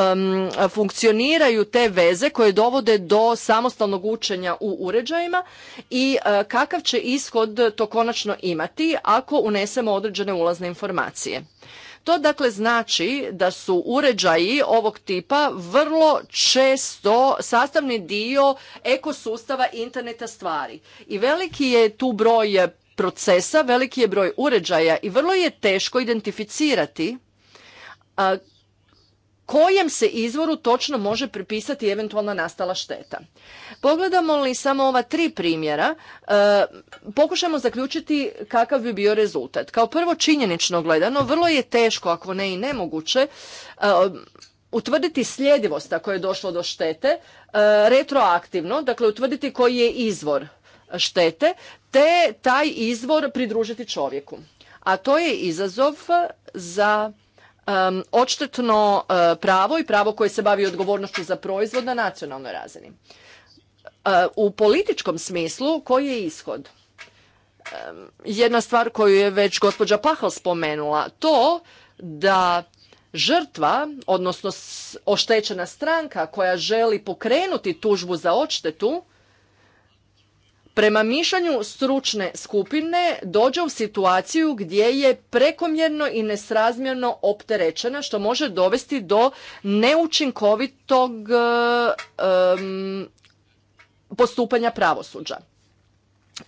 funkcioniraju te veze koje dovode do samostalnog učenja u uređajima i e, kakav će ishod to konačno imati ako unesemo određene ulazne informacije. To dakle znači da su uređaji ovog tipa vrlo često sastavni dio ekosustava interneta stvari. I veliki je tu broj procesa, veliki je broj uređaja i vrlo je teško identificirati kojem se izvoru točno može pripisati eventualna nastala šteta. Pogledamo li samo ova tri primjera, e, pokušamo zaključiti kakav bi bio rezultat. Kao prvo činjenično gledano, vrlo je teško, ako ne i nemoguće, e, utvrditi sljedivost ako je došlo do štete e, retroaktivno, dakle utvrditi koji je izvor štete, te taj izvor pridružiti čovjeku. A to je izazov za odštetno e, pravo i pravo koje se bavi odgovornošću za proizvod na nacionalnoj razini. E, u političkom smislu koji je ishod? jedna stvar koju je već gospođa Pahal spomenula, to da žrtva, odnosno oštećena stranka koja želi pokrenuti tužbu za odštetu, prema mišljenju stručne skupine dođe u situaciju gdje je prekomjerno i nesrazmjerno opterećena što može dovesti do neučinkovitog eh, postupanja pravosuđa.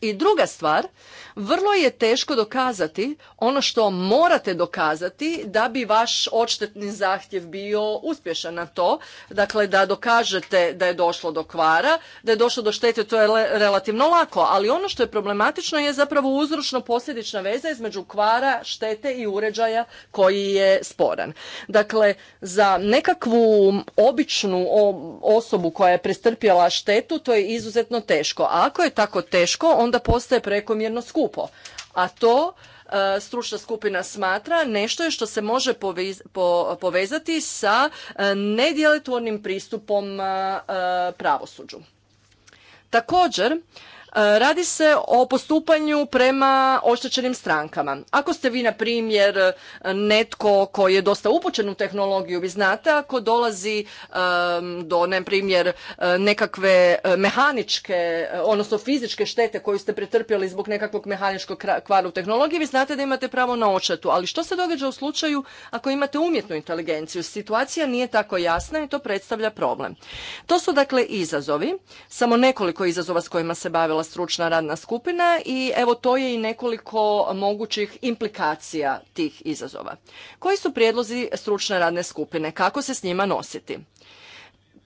I druga stvar, vrlo je teško dokazati ono što morate dokazati da bi vaš odštetni zahtjev bio uspješan na to. Dakle, da dokažete da je došlo do kvara, da je došlo do štete, to je relativno lako, ali ono što je problematično je zapravo uzročno posljedična veza između kvara, štete i uređaja koji je sporan. Dakle, za nekakvu običnu osobu koja je prestrpjela štetu, to je izuzetno teško. A ako je tako teško, onda postaje prekomjerno skupo. A to e, stručna skupina smatra nešto je što se može povezati sa e, nedjelotvornim pristupom e, pravosuđu. Također, E, radi se o postupanju prema oštećenim strankama. Ako ste vi, na primjer, netko koji je dosta upućen u tehnologiju, vi znate, ako dolazi do, na primjer, e, nekakve e, mehaničke, odnosno fizičke štete koju ste pretrpjeli zbog nekakvog mehaničkog kvara u tehnologiji, vi znate da imate pravo na očetu. Ali što se događa u slučaju ako imate umjetnu inteligenciju? Situacija nije tako jasna i to predstavlja problem. To su dakle izazovi, samo nekoliko izazova s kojima se bavila stručna radna skupina i evo to je i nekoliko mogućih implikacija tih izazova. Koji su prijedlozi stručne radne skupine? Kako se s njima nositi?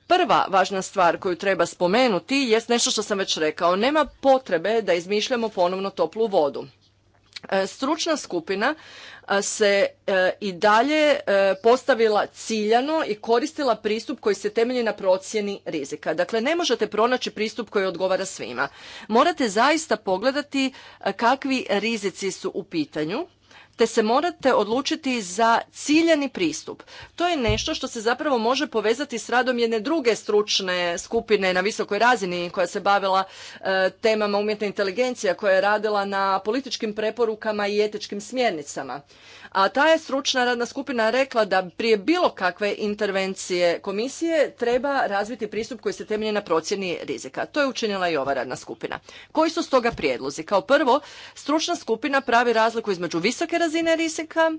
Prva važna stvar koju treba spomenuti jest nešto što sam već rekao. Nema potrebe da izmišljamo ponovno toplu vodu. E, stručna skupina e, se e, i dalje postavila ciljano i koristila pristup koji se temelji na procjeni rizika. Dakle, ne možete pronaći pristup koji odgovara svima. Morate zaista pogledati kakvi rizici su u pitanju te se morate odlučiti za ciljani pristup. To je nešto što se zapravo može povezati s radom jedne druge stručne skupine na visokoj razini koja se bavila e, temama umjetne inteligencija, koja je radila na političkim preporukama i etičkim smjernicama a ta je stručna radna skupina rekla da prije bilo kakve intervencije komisije treba razviti pristup koji se temelji na procjeni rizika. To je učinila i ova radna skupina. Koji su stoga prijedlozi? Kao prvo, stručna skupina pravi razliku između visoke razine rizika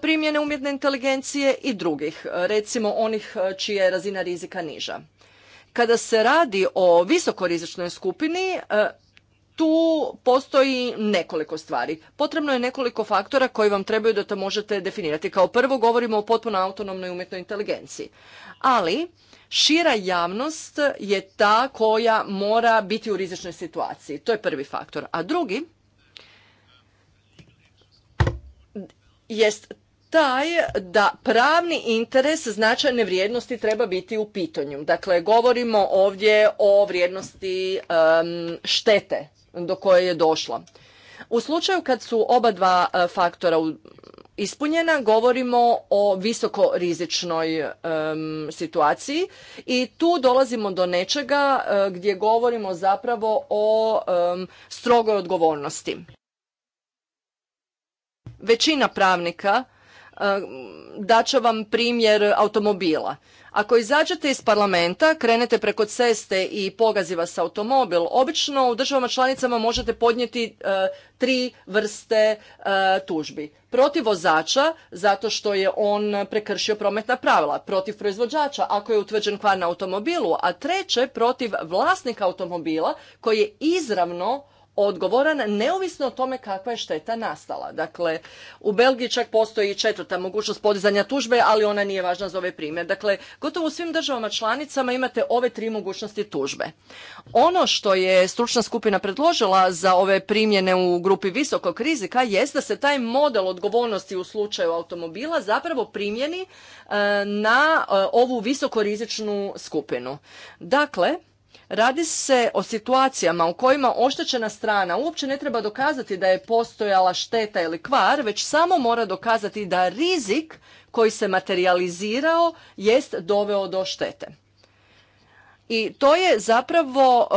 primjene umjetne inteligencije i drugih, recimo onih čija je razina rizika niža. Kada se radi o visokorizičnoj skupini, tu postoji nekoliko stvari. Potrebno je nekoliko faktora koji vam trebaju da to možete definirati. Kao prvo govorimo o potpuno autonomnoj umjetnoj inteligenciji. Ali šira javnost je ta koja mora biti u rizičnoj situaciji. To je prvi faktor. A drugi jest taj da pravni interes značajne vrijednosti treba biti u pitanju. Dakle, govorimo ovdje o vrijednosti štete do koje je došlo. U slučaju kad su oba dva e, faktora ispunjena, govorimo o visokorizičnoj situaciji i tu dolazimo do nečega e, gdje govorimo zapravo o strogoj odgovornosti. Većina pravnika uh, daće vam primjer automobila. Ako izađete iz parlamenta, krenete preko ceste i pogazi vas automobil, obično u državama članicama možete podnijeti e, tri vrste e, tužbi. Protiv vozača, zato što je on prekršio prometna pravila. Protiv proizvođača, ako je utvrđen kvar na automobilu. A treće, protiv vlasnika automobila koji je izravno odgovoran neovisno o tome kakva je šteta nastala. Dakle, u Belgiji čak postoji i četvrta mogućnost podizanja tužbe, ali ona nije važna za ove primjer. Dakle, gotovo u svim državama članicama imate ove tri mogućnosti tužbe. Ono što je stručna skupina predložila za ove primjene u grupi visokog rizika jest da se taj model odgovornosti u slučaju automobila zapravo primjeni e, na e, ovu visokorizičnu skupinu. Dakle, Radi se o situacijama u kojima oštećena strana uopće ne treba dokazati da je postojala šteta ili kvar, već samo mora dokazati da rizik koji se materializirao jest doveo do štete i to je zapravo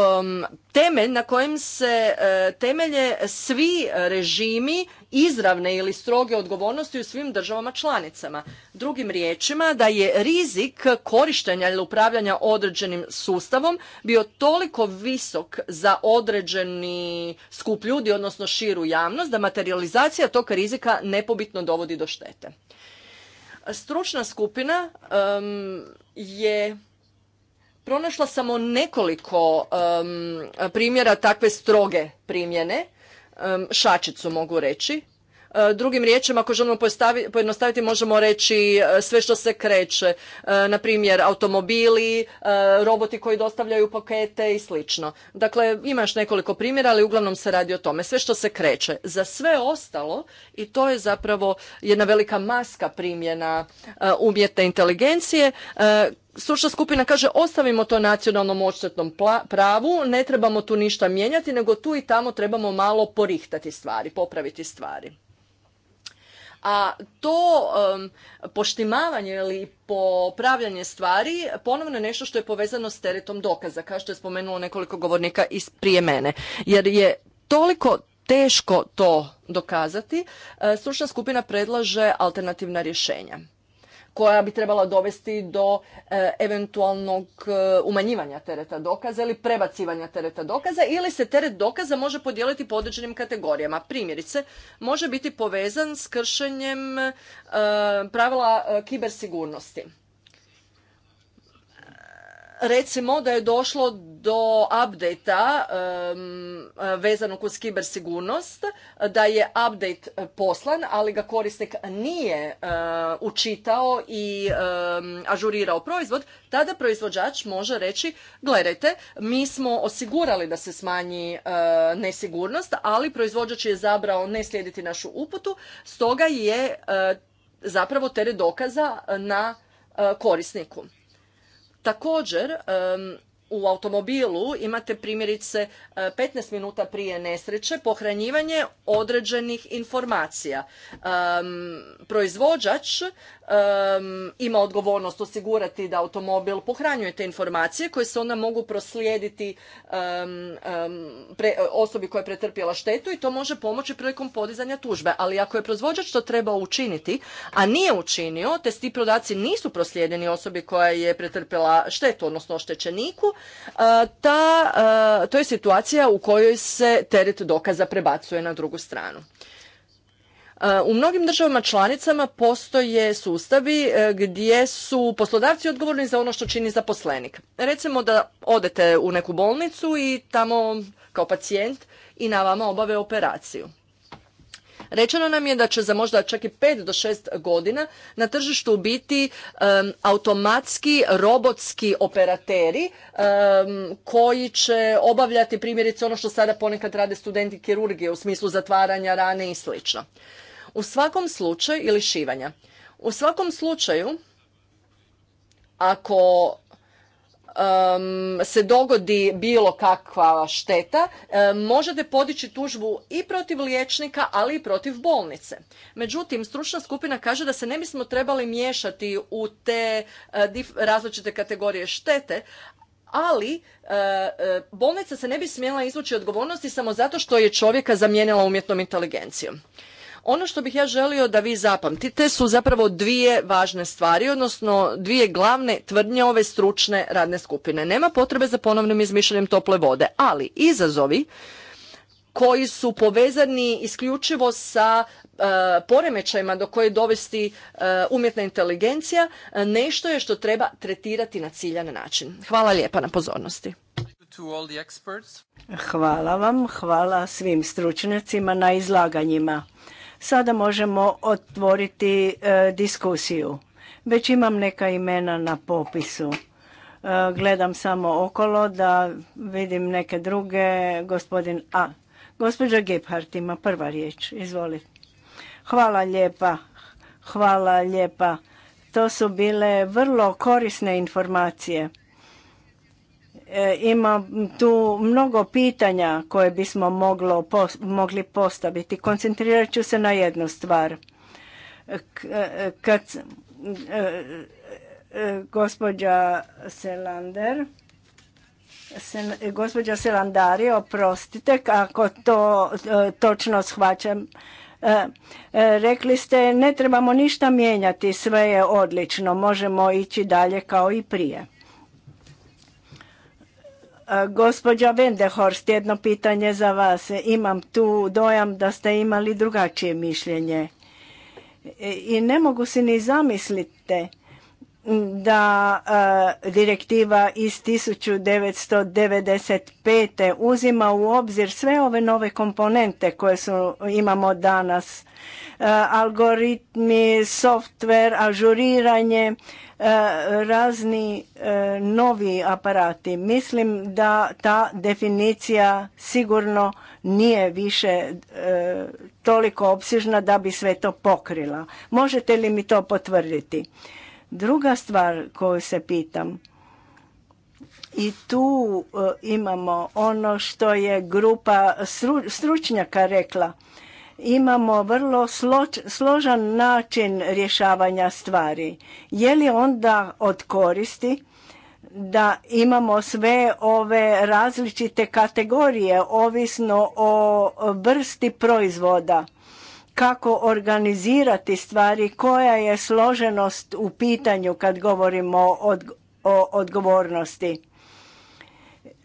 temelj na kojem se e, temelje svi režimi izravne ili stroge odgovornosti u svim državama članicama. Drugim riječima da je rizik korištenja ili upravljanja određenim sustavom bio toliko visok za određeni skup ljudi, odnosno širu javnost, da materializacija tog rizika nepobitno dovodi do štete. Stručna skupina je pronašla samo nekoliko primjera takve stroge primjene, šačicu mogu reći, E, drugim riječima, ako želimo pojednostaviti, možemo reći e, sve što se kreće. E, na primjer, automobili, roboti koji dostavljaju pakete i slično. Dakle, ima nekoliko primjera, ali uglavnom se radi o tome. Sve što se kreće. Za sve ostalo, i to je zapravo jedna velika maska primjena umjetne inteligencije, Stručna skupina kaže ostavimo to nacionalnom odštetnom pravu, ne trebamo tu ništa mijenjati, nego tu i tamo trebamo malo porihtati stvari, popraviti stvari a to poštimavanje ili popravljanje stvari ponovno je nešto što je povezano s teretom dokaza, kao što je spomenulo nekoliko govornika iz prije mene. Jer je toliko teško to dokazati, e, stručna skupina predlaže alternativna rješenja koja bi trebala dovesti do e, eventualnog e, umanjivanja tereta dokaza ili prebacivanja tereta dokaza ili se teret dokaza može podijeliti po određenim kategorijama. Primjerice, može biti povezan s kršenjem e, pravila kibersigurnosti recimo da je došlo do update vezano um, vezanog uz kibersigurnost, da je update poslan, ali ga korisnik nije e, učitao i ažurirao proizvod, tada proizvođač može reći, gledajte, mi smo osigurali da se smanji e, nesigurnost, ali proizvođač je zabrao ne slijediti našu uputu, stoga je e, zapravo teret dokaza na korisniku. Također, u automobilu imate primjerice 15 eh, minuta prije nesreće pohranjivanje određenih informacija. Proizvođač ima odgovornost osigurati da automobil pohranjuje te informacije koje se onda mogu proslijediti osobi koja je pretrpjela štetu i to može pomoći prilikom podizanja tužbe. Ali ako je proizvođač to trebao učiniti, a nije učinio, te ti prodaci nisu proslijedeni osobi koja je pretrpjela štetu, odnosno oštećeniku, e, e, to je situacija u kojoj se teret dokaza prebacuje na drugu stranu. E, u mnogim državama članicama postoje sustavi e, gdje su poslodavci odgovorni za ono što čini zaposlenik. Recimo da odete u neku bolnicu i tamo kao pacijent i na vama obave operaciju. Rečeno nam je da će za možda čak i 5 do 6 godina na tržištu biti automatski robotski operateri koji će obavljati primjerice ono što sada ponekad rade studenti kirurgije u smislu zatvaranja rane i slično. U svakom slučaju, ili šivanja, u svakom slučaju, ako se dogodi bilo kakva šteta, možete podići tužbu i protiv liječnika, ali i protiv bolnice. Međutim, stručna skupina kaže da se ne bismo trebali miješati u te e, različite kategorije štete, ali e, e, bolnica se ne bi smjela izvući odgovornosti samo zato što je čovjeka zamijenila umjetnom inteligencijom. Ono što bih ja želio da vi zapamtite su zapravo dvije važne stvari, odnosno dvije glavne tvrdnje ove stručne radne skupine. Nema potrebe za ponovnim izmišljanjem tople vode, ali izazovi koji su povezani isključivo sa e, poremećajima do koje dovesti e, umjetna inteligencija, e, nešto je što treba tretirati na ciljan način. Hvala lijepa na pozornosti. Hvala vam, hvala svim stručnjacima na izlaganjima. Sada možemo otvoriti e, diskusiju. Već imam neka imena na popisu. E, gledam samo okolo da vidim neke druge. Gospodin A. Gospođa Gebhardt ima prva riječ. Izvolite. Hvala lijepa. Hvala lijepa. To su bile vrlo korisne informacije. E, ima tu mnogo pitanja koje bismo moglo, mogli postaviti. Koncentrirat ću se na jednu stvar. E, kad e, gospođa Selander gospođa Selandari, oprostite ako to točno shvaćam, rekli ste ne trebamo ništa mijenjati, sve je odlično, možemo ići dalje kao i prije. E, gospođa Vendehorst, jedno pitanje za vas. Imam tu dojam da ste imali drugačije mišljenje. E, I ne mogu si ni zamisliti da e, direktiva iz 1995. uzima u obzir sve ove nove komponente koje su, imamo danas. E, algoritmi, softver, ažuriranje, e, razni novi aparati. Mislim da ta definicija sigurno nije više toliko opsežna da bi sve to pokrila. Možete li mi to potvrditi? Druga stvar koju se pitam, i tu e, imamo ono što je grupa stručnjaka rekla. Imamo vrlo složan način rješavanja stvari. Je li onda od koristi da imamo sve ove različite kategorije ovisno o vrsti proizvoda? kako organizirati stvari, koja je složenost u pitanju kad govorimo o, odgovornosti.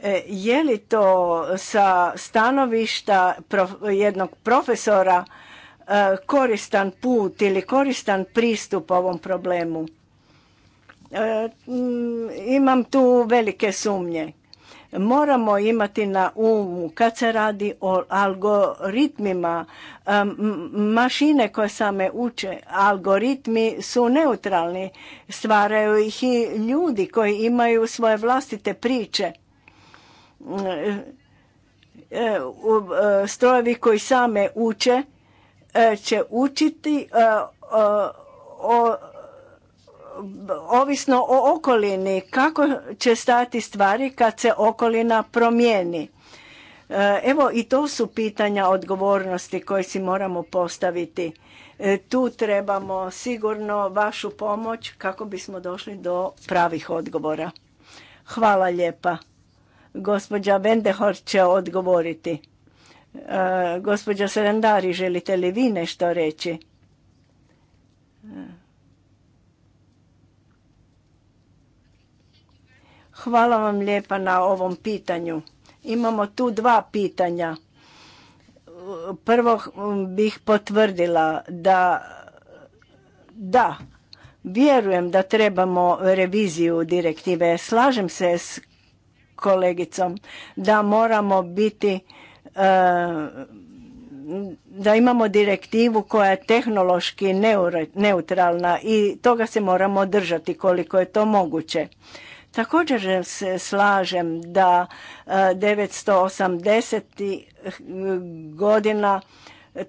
E, je li to sa stanovišta jednog profesora e, koristan put ili koristan pristup ovom problemu? E, imam tu velike sumnje. Moramo imati na umu kad se radi o algoritmima, mašine koje same uče, algoritmi su neutralni, stvaraju ih i ljudi koji imaju svoje vlastite priče e, e, strojevi koji same uče e, će učiti o ovisno o okolini kako će stati stvari kad se okolina promijeni. E, evo i to su pitanja odgovornosti koje si moramo postaviti. E, tu trebamo sigurno vašu pomoć kako bismo došli do pravih odgovora. Hvala lijepa. Gospođa Vendehor će odgovoriti. E, gospođa Serendari, želite li vi nešto reći? Hvala vam lijepa na ovom pitanju. Imamo tu dva pitanja. Prvo bih potvrdila da da, vjerujem da trebamo reviziju direktive. Slažem se s kolegicom da moramo biti e, da imamo direktivu koja je tehnološki neutralna i toga se moramo držati koliko je to moguće. Također e, se slažem da 980. E, e, godina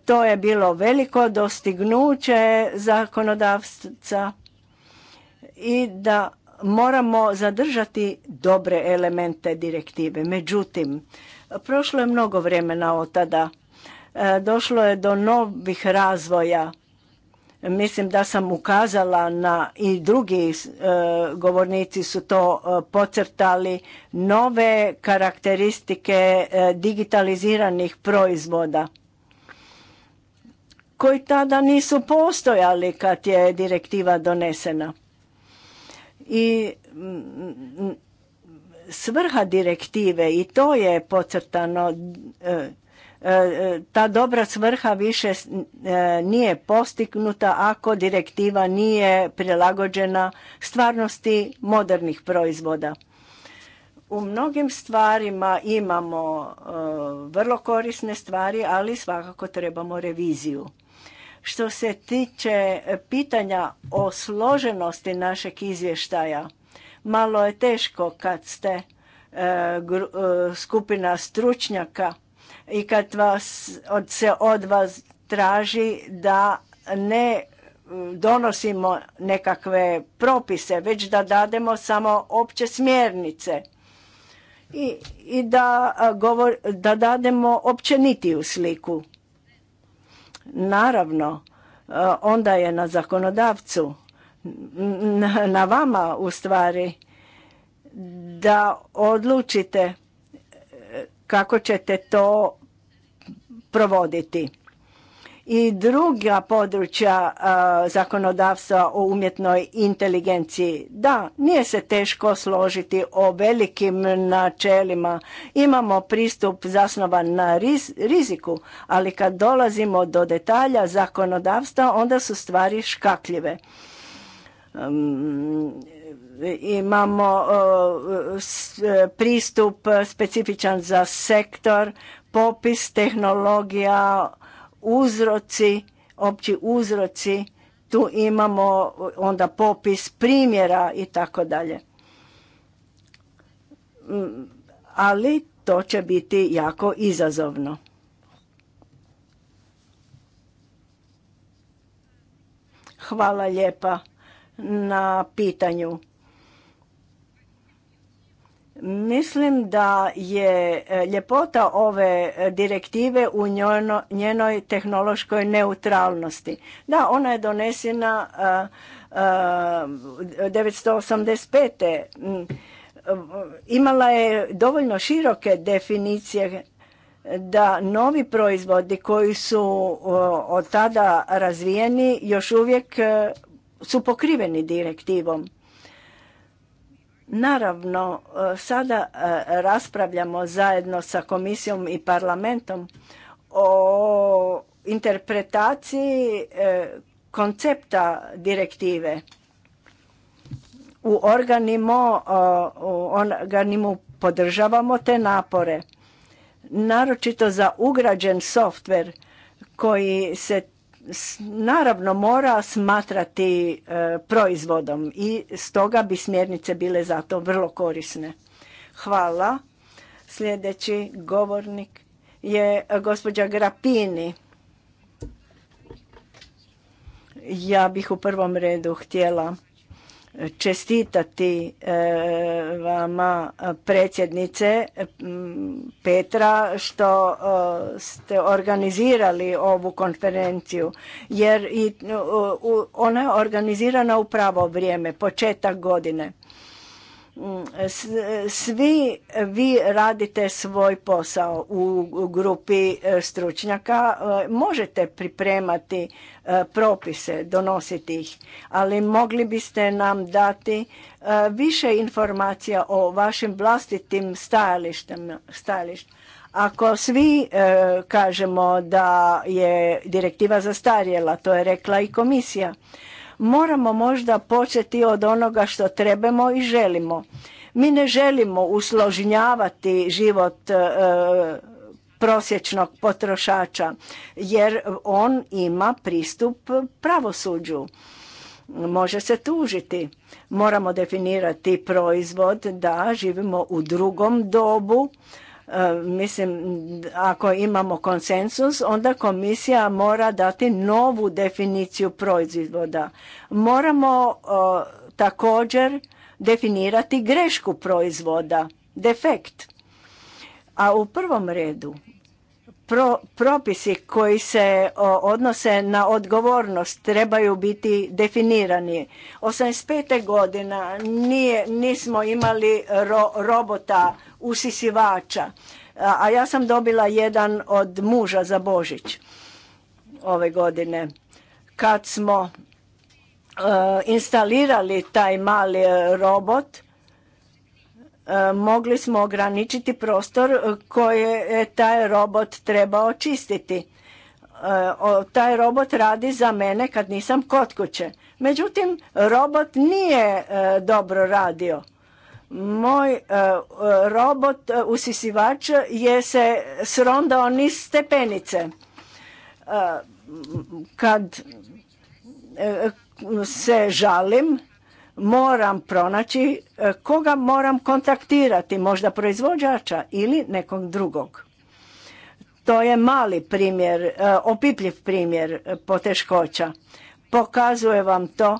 to je bilo veliko dostignuće zakonodavstva i da moramo zadržati dobre elemente direktive. Međutim, prošlo je mnogo vremena od tada. Došlo je do novih razvoja Mislim da sam ukazala na i drugi e, govornici su to e, pocrtali nove karakteristike e, digitaliziranih proizvoda koji tada nisu postojali kad je direktiva donesena. I svrha direktive i to je pocrtano e, ta dobra svrha više e, nije postignuta ako direktiva nije prilagođena stvarnosti modernih proizvoda. U mnogim stvarima imamo e, vrlo korisne stvari, ali svakako trebamo reviziju. Što se tiče pitanja o složenosti našeg izvještaja, malo je teško kad ste e, skupina stručnjaka i kad vas, od, se od vas traži da ne donosimo nekakve propise, već da dademo samo opće smjernice i, i da, govor, da dademo općenitiju sliku. Naravno, onda je na zakonodavcu, na vama u stvari, da odlučite e, kako ćete to provoditi. I druga područja zakonodavstva o umjetnoj inteligenciji. Da, nije se teško složiti o velikim načelima. Imamo pristup zasnovan na riziku, ali kad dolazimo do detalja zakonodavstva, onda su stvari škakljive. Um, imamo pristup specifičan za sektor popis tehnologija, uzroci, opći uzroci, tu imamo onda popis primjera i tako dalje. Ali to će biti jako izazovno. Hvala lijepa na pitanju. Mislim da je e, ljepota ove e, direktive u njenoj tehnološkoj neutralnosti. Da, ona je donesena uh, osamdeset 985. Mm, imala je dovoljno široke definicije da novi proizvodi koji su od tada razvijeni još uvijek su pokriveni direktivom Naravno, e, sada e, raspravljamo zajedno sa komisijom i parlamentom o interpretaciji e, koncepta direktive u organimu, podržavamo te napore, naročito za ugrađen softver koji se naravno mora smatrati e, proizvodom i stoga bi smjernice bile zato vrlo korisne. Hvala. Sljedeći govornik je e, gospođa Grapini. Ja bih u prvom redu htjela čestitati e, vama predsjednice Petra što e, ste organizirali ovu konferenciju jer e, ona je organizirana u pravo vrijeme, početak godine. Mm, svi vi radite svoj posao u grupi e, stručnjaka, e, možete pripremati e, propise, donositi ih, ali mogli biste nam dati više informacija o vašim vlastitim stajalištima. Ako svi kažemo da je direktiva zastarjela, to je rekla i komisija, moramo možda početi od onoga što trebamo i želimo. Mi ne želimo usložnjavati život e, prosječnog potrošača jer on ima pristup pravosuđu. Može se tužiti. Moramo definirati proizvod da živimo u drugom dobu E, mislim, ako imamo konsensus, onda komisija mora dati novu definiciju proizvoda. Moramo e, također definirati grešku proizvoda, defekt. A u prvom redu, propisi koji se odnose na odgovornost trebaju biti definirani. 85. godina nije, nismo imali robota usisivača. A ja sam dobila jedan od muža za Božić ove godine. Kad smo e, instalirali taj mali e, robot, e, mogli smo ograničiti prostor koji je taj robot trebao čistiti. taj robot radi za mene kad nisam kod kuće. Međutim, robot nije dobro radio moj e, e, robot e, usisivač je se srondao niz stepenice. Kad se žalim, moram pronaći koga moram kontaktirati, možda proizvođača ili nekog drugog. To je mali primjer, opipljiv primjer poteškoća. Pokazuje vam to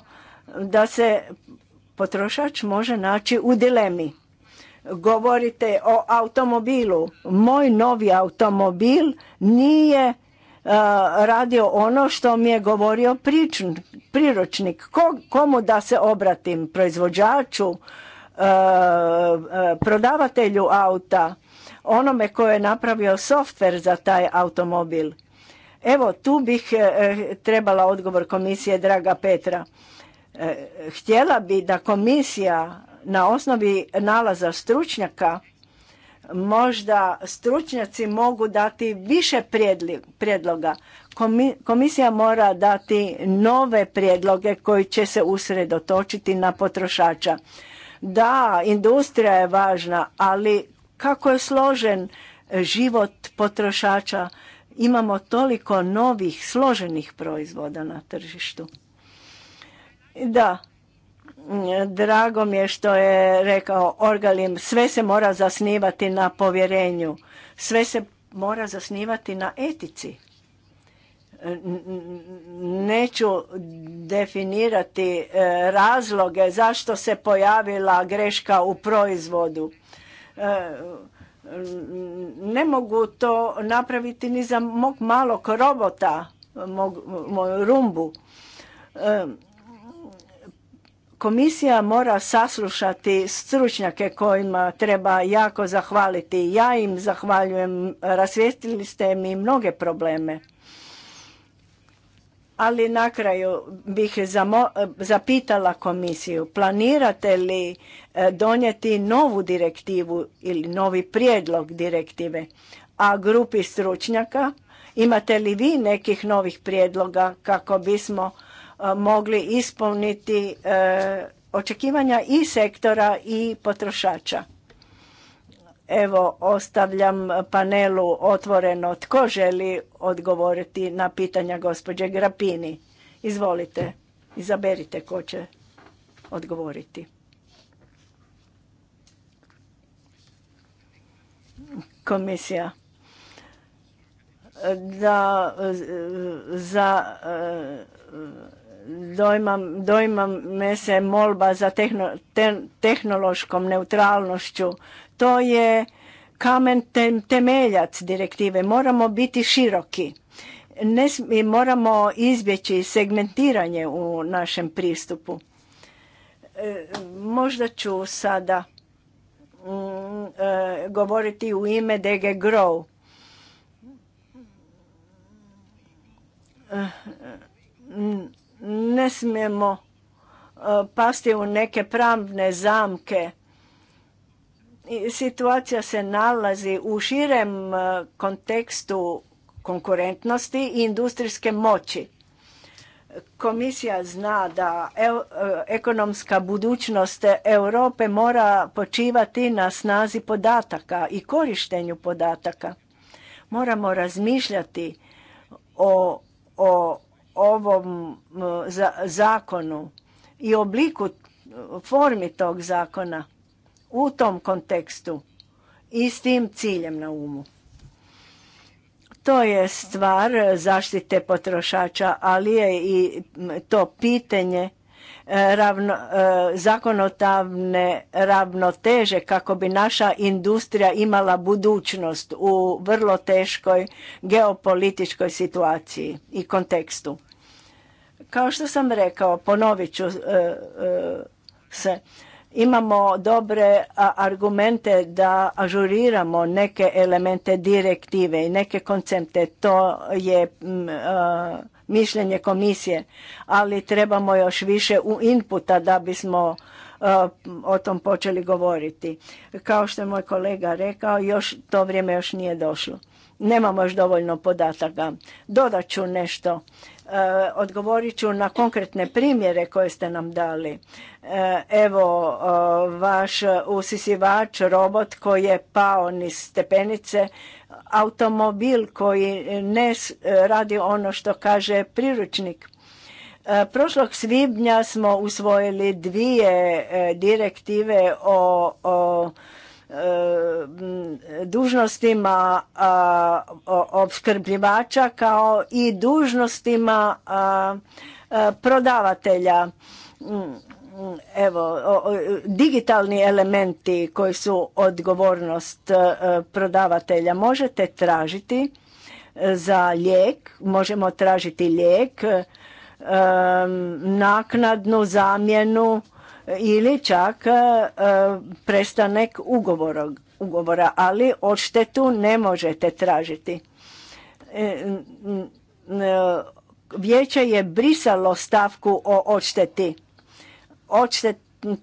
da se potrošač može naći u dilemi. Govorite o automobilu. Moj novi automobil nije e, radio ono što mi je govorio priročnik. komu da se obratim? Proizvođaču, e, e, prodavatelju auta, onome koje je napravio softver za taj automobil. Evo, tu bih trebala odgovor komisije Draga Petra. E, htjela bi da komisija na osnovi nalaza stručnjaka možda stručnjaci mogu dati više prijedloga. Komisija mora dati nove prijedloge koji će se usredotočiti na potrošača. Da, industrija je važna, ali kako je složen život potrošača, imamo toliko novih složenih proizvoda na tržištu. Da, drago mi je što je rekao Orgalim, sve se mora zasnivati na povjerenju, sve se mora zasnivati na etici. Neću definirati e, razloge zašto se pojavila greška u proizvodu. E, ne mogu to napraviti ni za mog malog robota, moju rumbu. E, Komisija mora saslušati stručnjake kojima treba jako zahvaliti. Ja im zahvaljujem, rasvijestili ste mi mnoge probleme. Ali na kraju bih zapitala komisiju, planirate li e, donijeti novu direktivu ili novi prijedlog direktive, a grupi stručnjaka imate li vi nekih novih prijedloga kako bismo mogli ispuniti e, očekivanja i sektora i potrošača. Evo, ostavljam panelu otvoreno. Tko želi odgovoriti na pitanja gospođe Grapini? Izvolite, izaberite ko će odgovoriti. Komisija da za e, Dojmam, me se molba za tehnološkom neutralnošću. To je kamen temeljac direktive. Moramo biti široki. Ne, moramo izbjeći segmentiranje u našem pristupu. E, možda ću sada mm, e, govoriti u ime DG Grow. E, mm, ne smijemo e, pasti u neke pravne zamke. Situacija se nalazi u širem e, kontekstu konkurentnosti i industrijske moći. Komisija zna da e, ekonomska budućnost Europe mora počivati na snazi podataka i korištenju podataka. Moramo razmišljati o, o ovom zakonu i obliku formi tog zakona u tom kontekstu i s tim ciljem na umu. To je stvar zaštite potrošača, ali je i to pitanje E, ravno, e, zakonodavne ravnoteže kako bi naša industrija imala budućnost u vrlo teškoj geopolitičkoj situaciji i kontekstu. Kao što sam rekao, ponovit ću e, se, Imamo dobre argumente da ažuriramo neke elemente direktive i neke koncepte. To je mišljenje komisije, ali trebamo još više u inputa da bismo o tom počeli govoriti. Kao što je moj kolega rekao, još to vrijeme još nije došlo. Nemamo još dovoljno podataka. Dodat ću nešto E, odgovorit ću na konkretne primjere koje ste nam dali. E, evo, e, vaš usisivač, robot koji je pao niz stepenice, automobil koji ne radi ono što kaže priručnik. Prošlog svibnja smo usvojili dvije direktive o, o E, dužnostima opskrbljivača kao i dužnostima prodavatelja mm, mm, evo digitalni elementi koji su odgovornost e, prodavatelja možete tražiti e, za lijek možemo tražiti lijek naknadnu zamjenu ili čak e, e, prestanek ugovora, ali odštetu ne možete tražiti. E, vijeće je brisalo stavku o odšteti.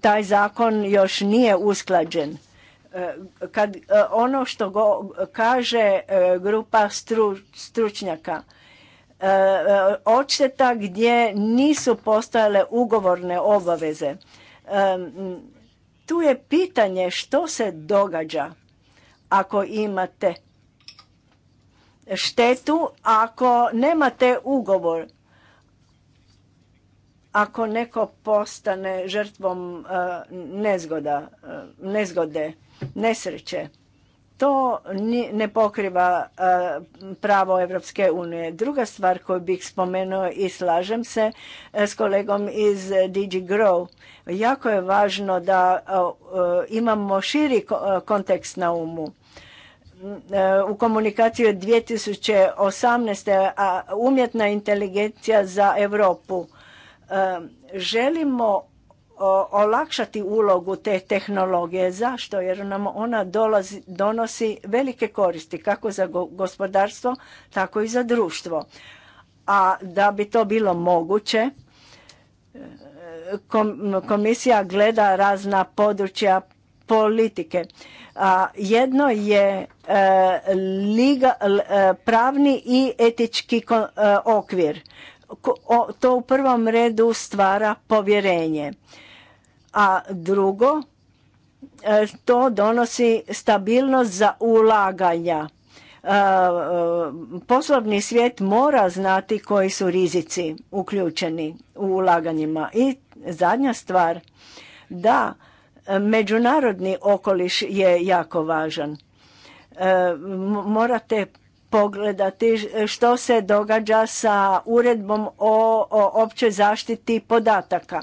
taj zakon još nije usklađen. Kad ono što kaže grupa stručnjaka, odšteta gdje nisu postojale ugovorne obaveze. Tu je pitanje što se događa ako imate štetu, ako nemate ugovor, ako neko postane žrtvom eh, nezgoda, eh, nezgode, nesreće. To ne pokriva e, pravo Evropske unije. Druga stvar koju bih spomenuo i slažem se e, s kolegom iz DG Grow. Jako je važno da e, imamo širi kontekst na umu u komunikaciju 2018. umjetna inteligencija za Europu. Želimo olakšati ulogu te tehnologije. Zašto? Jer nam ona dolazi, donosi velike koristi kako za gospodarstvo, tako i za društvo. A da bi to bilo moguće, e, komisija gleda razna područja politike. A jedno je e, liga, e, pravni i etički okvir. to u prvom redu stvara povjerenje. A drugo, e, to donosi stabilnost za ulaganja. E, e, poslovni svijet mora znati koji su rizici uključeni u ulaganjima. I zadnja stvar, da, međunarodni okoliš je jako važan. Morate pogledati što se događa sa uredbom o općoj zaštiti podataka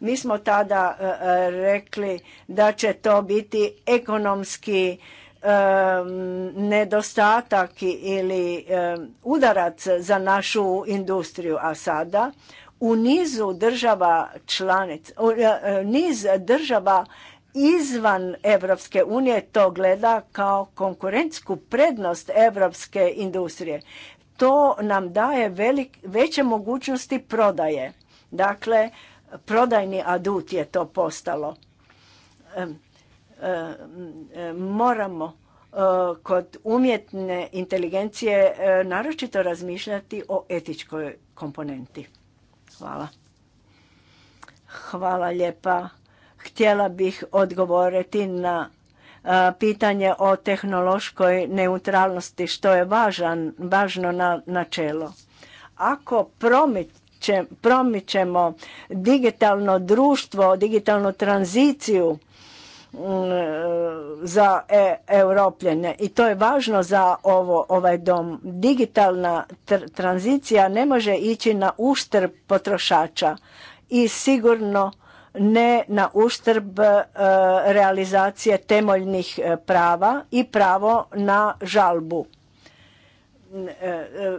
mi smo tada e, e, rekli da će to biti ekonomski e, nedostatak ili udarac za našu industriju, a sada u nizu država članica, niz država izvan Evropske unije to gleda kao konkurentsku prednost evropske industrije. To nam daje veće mogućnosti prodaje. Dakle, prodajni adut je to postalo. Moramo e, kod umjetne inteligencije e, naročito razmišljati o etičkoj komponenti. Hvala. Hvala lijepa. Htjela bih odgovoriti na e, pitanje o tehnološkoj neutralnosti, što je važan, važno na načelo. Ako promet će, promičemo digitalno društvo, digitalnu tranziciju mm, za e europljene i to je važno za ovo ovaj dom. Digitalna tranzicija ne može ići na uštrb potrošača i sigurno ne na uštrb e, realizacije temeljnih e, prava i pravo na žalbu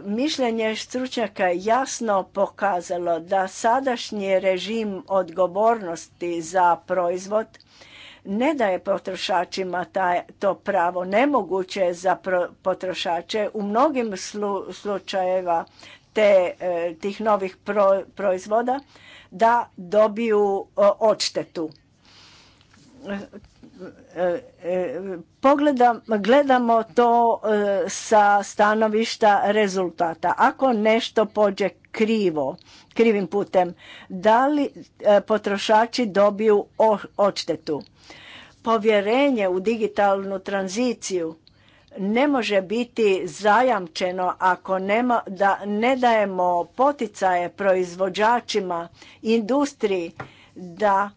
mišljenje stručnjaka je jasno pokazalo da sadašnji režim odgovornosti za proizvod ne daje potrošačima to pravo. Nemoguće je za potrošače u mnogim slučajeva te, e, tih novih proizvoda da dobiju odštetu. E, e, gledamo to e, sa stanovišta rezultata. Ako nešto pođe krivo, krivim putem, da li potrošači dobiju odštetu? Povjerenje u digitalnu tranziciju ne može biti zajamčeno ako nema, da ne dajemo poticaje proizvođačima, industriji da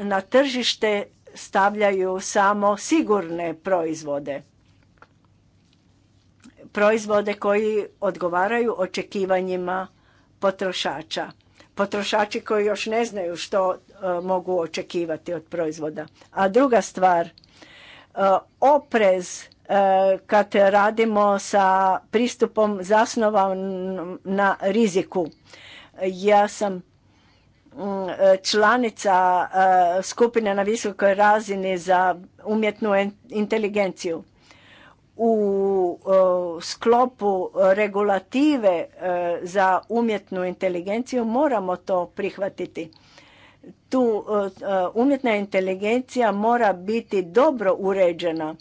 na tržište stavljaju samo sigurne proizvode. Proizvode koji odgovaraju očekivanjima potrošača. Potrošači koji još ne znaju što e, mogu očekivati od proizvoda. A druga stvar, e, oprez e, kad radimo sa pristupom zasnovan na riziku. Ja sam Mm, e, članica e, skupine na visokoj razini za umjetnu inteligenciju. U e, sklopu regulative za umjetnu inteligenciju moramo to prihvatiti. Tu umjetna inteligencija mora biti dobro uređena.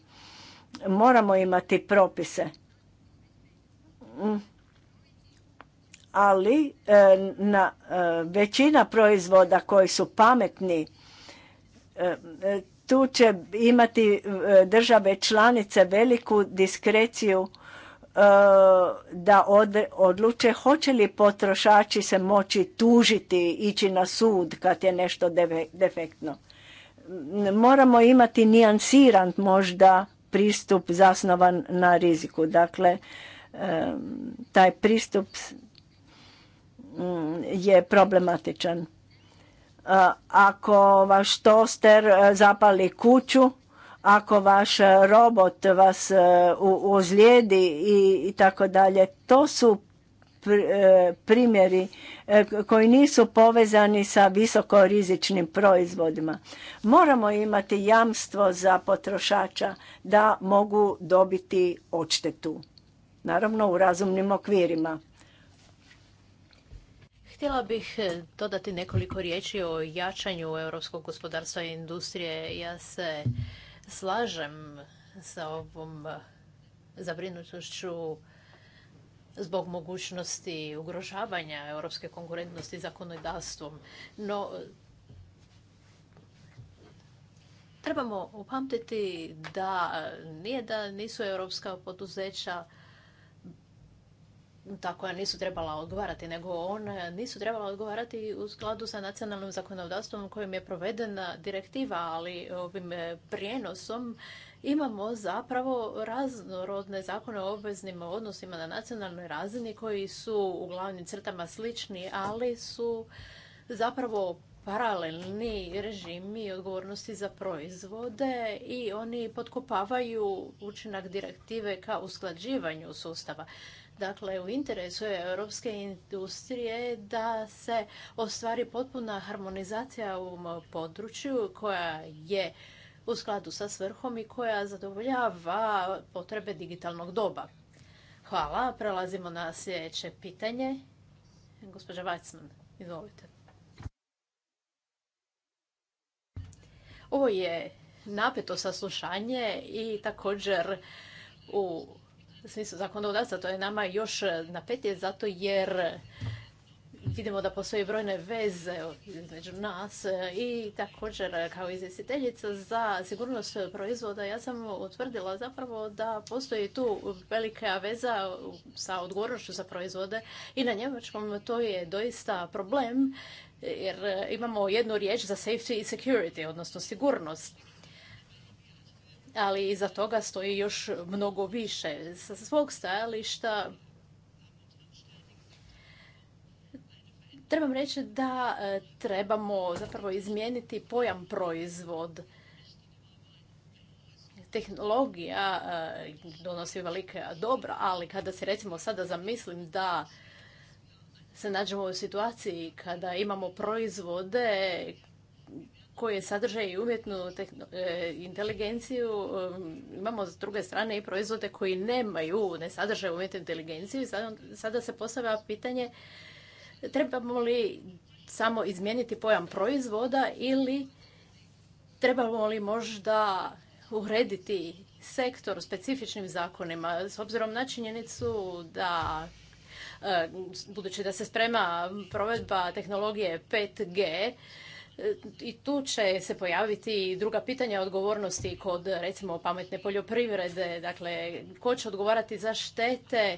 Moramo imati propise. Mm ali e, na e, većina proizvoda koji su pametni e, tu će imati države članice veliku diskreciju da odluče hoće li potrošači se moći tužiti, ići na sud kad je nešto defektno. Moramo imati nijansiran možda pristup zasnovan na riziku. Dakle, taj pristup Mm, je problematičan. E, ako vaš toster e, zapali kuću, ako vaš robot vas e, ozlijedi i tako dalje, to su primjeri koji nisu povezani sa visokorizičnim proizvodima. Moramo imati jamstvo za potrošača da mogu dobiti odštetu. Naravno u razumnim okvirima. Htjela bih e, dodati nekoliko riječi o jačanju europskog gospodarstva i industrije. Ja se slažem sa ovom zabrinutošću zbog mogućnosti ugrožavanja europske konkurentnosti zakonodavstvom. No, trebamo upamtiti da nije da nisu europska poduzeća ta koja nisu trebala odgovarati, nego one nisu trebala odgovarati u skladu sa nacionalnim zakonodavstvom kojim je provedena direktiva, ali ovim e, prijenosom imamo zapravo raznorodne zakone o obveznim odnosima na nacionalnoj razini koji su u glavnim crtama slični, ali su zapravo paralelni režimi odgovornosti za proizvode i oni potkopavaju učinak direktive ka usklađivanju sustava. Dakle, u interesu je europske industrije da se ostvari potpuna harmonizacija u području koja je u skladu sa svrhom i koja zadovoljava potrebe digitalnog doba. Hvala. Prelazimo na sljedeće pitanje. Gospođa Vajcman, izvolite. Ovo je napeto saslušanje i također u smislu zakonodavstva, to je nama još e, napetje zato jer e, vidimo da postoje brojne veze između nas e, i također kao izvjestiteljica za sigurnost proizvoda ja sam utvrdila zapravo da postoji tu velika veza sa odgovornošću za proizvode i na njemačkom to je doista problem jer imamo jednu riječ za safety i security, odnosno sigurnost ali iza toga stoji još mnogo više. Sa svog stajališta trebam reći da e, trebamo zapravo izmijeniti pojam proizvod. Tehnologija e, donosi velike dobra, ali kada se recimo sada zamislim da se nađemo u situaciji kada imamo proizvode koje sadrže i umjetnu e, inteligenciju. Um, imamo s druge strane i proizvode koji nemaju, ne sadrže umjetnu inteligenciju. sada se postavlja pitanje trebamo li samo izmijeniti pojam proizvoda ili trebamo li možda urediti sektor specifičnim zakonima s obzirom na činjenicu da e, budući da se sprema provedba tehnologije 5G i tu će se pojaviti i druga pitanja odgovornosti kod recimo pametne poljoprivrede, dakle ko će odgovarati za štete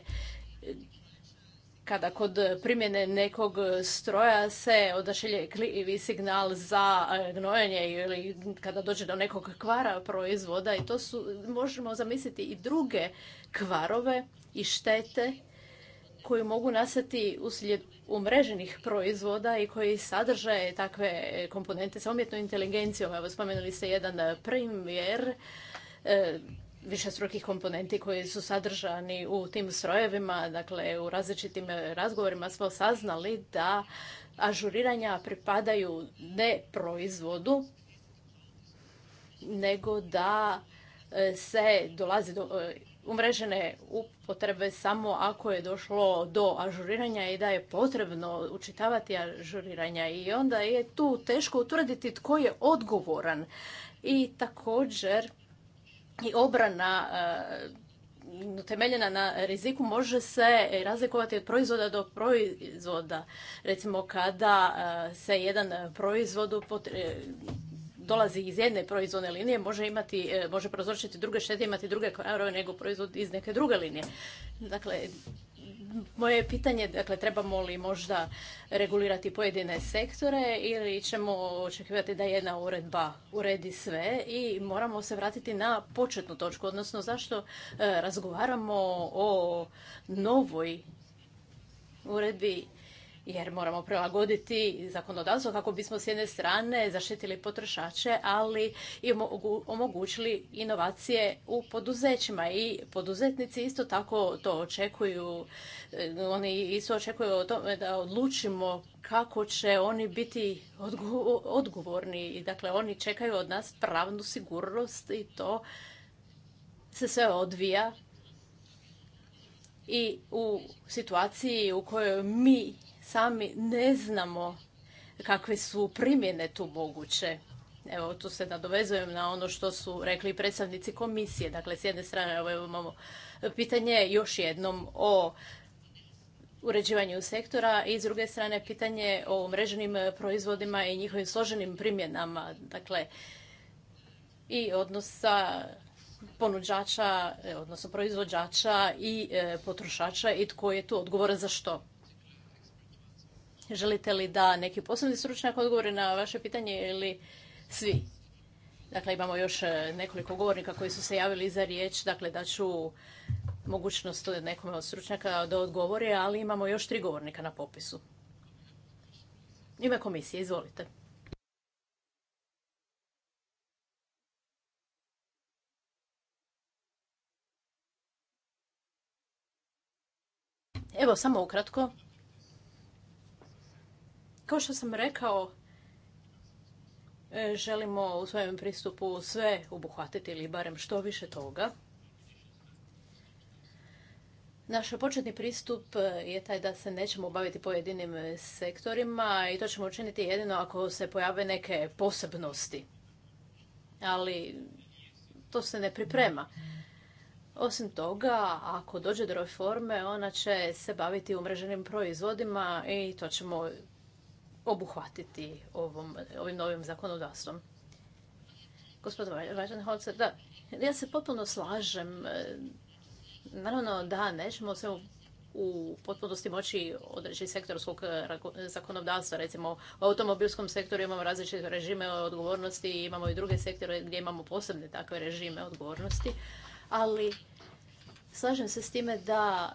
kada kod primjene nekog stroja se odašilje klivi signal za e, gnojenje ili kada dođe do nekog kvara proizvoda i to su, možemo zamisliti i druge kvarove i štete koji mogu nastati uslijed umreženih proizvoda i koji sadrže takve komponente sa umjetnom inteligencijom. Evo, spomenuli ste jedan eh, primjer eh, višestrukih komponenti koji su sadržani u tim strojevima. Dakle, u različitim eh, razgovorima smo saznali da ažuriranja pripadaju ne proizvodu, nego da se dolazi do umrežene upotrebe samo ako je došlo do ažuriranja i da je potrebno učitavati ažuriranja i onda je tu teško utvrditi tko je odgovoran i također i obrana e, temeljena na riziku može se razlikovati od proizvoda do proizvoda. Recimo kada e, se jedan proizvod dolazi iz jedne proizvodne linije može imati, e, može prouzročiti druge štete, imati druge kvarove nego proizvod iz neke druge linije. Dakle, moje pitanje, dakle, trebamo li možda regulirati pojedine sektore ili ćemo očekivati da jedna uredba uredi sve i moramo se vratiti na početnu točku, odnosno zašto e, razgovaramo o novoj uredbi jer moramo prilagoditi zakonodavstvo kako bismo s jedne strane zaštitili potrošače, ali i omogućili inovacije u poduzećima i poduzetnici isto tako to očekuju. Eh, oni isto očekuju o tome da odlučimo kako će oni biti odgovorni. Dakle, oni čekaju od nas pravnu sigurnost i to se sve odvija i u situaciji u kojoj mi sami ne znamo kakve su primjene tu moguće. Evo, tu se nadovezujem na ono što su rekli predstavnici komisije. Dakle, s jedne strane evo, imamo pitanje još jednom o uređivanju sektora i s druge strane pitanje o mreženim proizvodima i njihovim složenim primjenama. Dakle, i odnosa ponuđača, e, odnosno proizvođača i e, potrošača i tko je tu odgovoran za što. Želite li da neki posebni stručnjak odgovori na vaše pitanje ili svi? Dakle, imamo još e, nekoliko govornika koji su se javili za riječ, dakle da ću mogućnost nekome od stručnjaka da odgovori, ali imamo još tri govornika na popisu. Ime komisije, izvolite. Evo, samo ukratko, kao što sam rekao, e, želimo u svojem pristupu sve obuhvatiti ili barem što više toga. Naš početni pristup e, je taj da se nećemo baviti pojedinim sektorima i to ćemo učiniti jedino ako se pojave neke posebnosti. Ali to se ne priprema. Osim toga, ako dođe do reforme, ona će se baviti umreženim proizvodima i to ćemo obuhvatiti ovim novim zakonodavstvom. Gospodin Weidenholzer, da, ja se potpuno slažem. E, naravno da, nećemo se u potpunosti moći odreći sektorskog zakonodavstva. Recimo u automobilskom sektoru imamo različite režime odgovornosti, imamo i druge sektore gdje imamo posebne takve režime odgovornosti, ali slažem se s time da